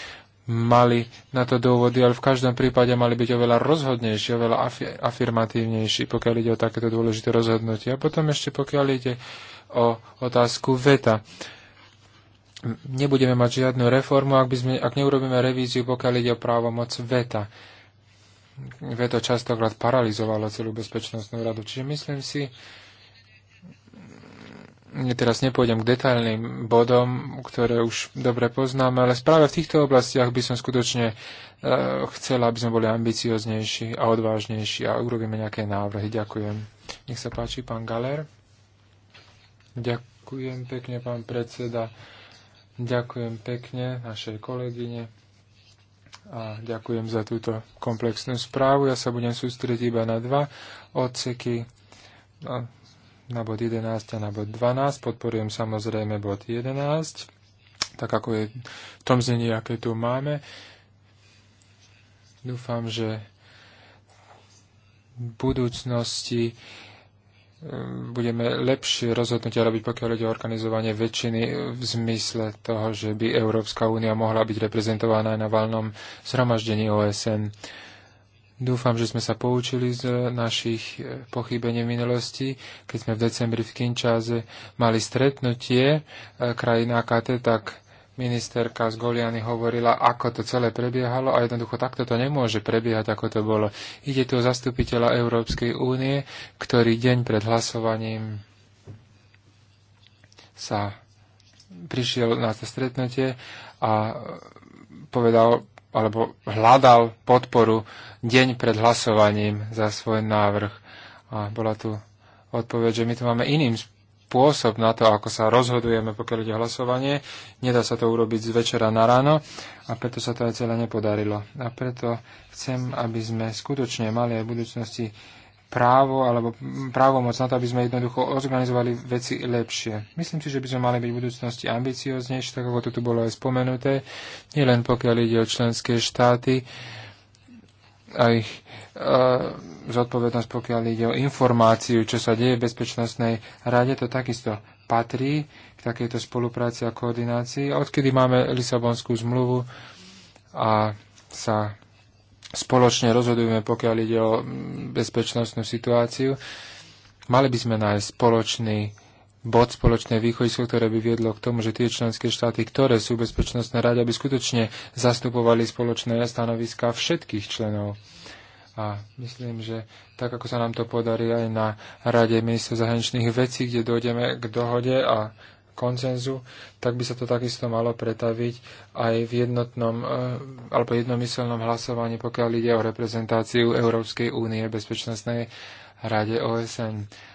mali na to dôvody, ale v každom prípade mali byť oveľa rozhodnejší, oveľa afi- afirmatívnejší, pokiaľ ide o takéto dôležité rozhodnutie. A potom ešte pokiaľ ide o otázku VETA. Uh, nebudeme mať žiadnu reformu, ak, by sme, ak neurobíme revíziu, pokiaľ ide o právo moc VETA. VETO častokrát paralizovalo celú bezpečnostnú radu. Čiže myslím si, teraz nepôjdem k detailným bodom, ktoré už dobre poznáme, ale práve v týchto oblastiach by som skutočne uh, e, chcela, aby sme boli ambicioznejší a odvážnejší a urobíme nejaké návrhy. Ďakujem. Nech sa páči, pán Galer. Ďakujem pekne, pán predseda. Ďakujem pekne našej kolegyne a ďakujem za túto komplexnú správu. Ja sa budem sústrediť iba na dva odseky, na bod 11 a na bod 12. Podporujem samozrejme bod 11, tak ako je v tom znení, aké tu máme. Dúfam, že v budúcnosti budeme lepšie rozhodnutia robiť, pokiaľ ide o organizovanie väčšiny v zmysle toho, že by Európska únia mohla byť reprezentovaná aj na valnom zhromaždení OSN. Dúfam, že sme sa poučili z našich e, pochybení v minulosti, keď sme v decembri v Kinčáze mali stretnutie e, krajina AKT, tak ministerka z Goliany hovorila, ako to celé prebiehalo a jednoducho takto to nemôže prebiehať, ako to bolo. Ide tu o zastupiteľa Európskej únie, ktorý deň pred hlasovaním sa prišiel na to stretnutie a povedal, alebo hľadal podporu deň pred hlasovaním za svoj návrh. A bola tu odpoveď, že my tu máme iným, spôsob na to, ako sa rozhodujeme, pokiaľ ide hlasovanie. Nedá sa to urobiť z večera na ráno a preto sa to aj celé nepodarilo. A preto chcem, aby sme skutočne mali aj v budúcnosti právo alebo právomoc na to, aby sme jednoducho organizovali veci lepšie. Myslím si, že by sme mali byť v budúcnosti ambicioznejšie, tak ako to tu bolo aj spomenuté, nielen pokiaľ ide o členské štáty, aj ich zodpovednosť, pokiaľ ide o informáciu, čo sa deje v Bezpečnostnej rade, to takisto patrí k takejto spolupráci a koordinácii. Odkedy máme Lisabonskú zmluvu a sa spoločne rozhodujeme, pokiaľ ide o bezpečnostnú situáciu, mali by sme nájsť spoločný bod spoločné východisko, ktoré by viedlo k tomu, že tie členské štáty, ktoré sú bezpečnostné rade, aby skutočne zastupovali spoločné stanoviská všetkých členov. A myslím, že tak, ako sa nám to podarí aj na Rade ministrov zahraničných vecí, kde dojdeme k dohode a koncenzu, tak by sa to takisto malo pretaviť aj v jednotnom e, alebo jednomyselnom hlasovaní, pokiaľ ide o reprezentáciu Európskej únie Bezpečnostnej rade OSN.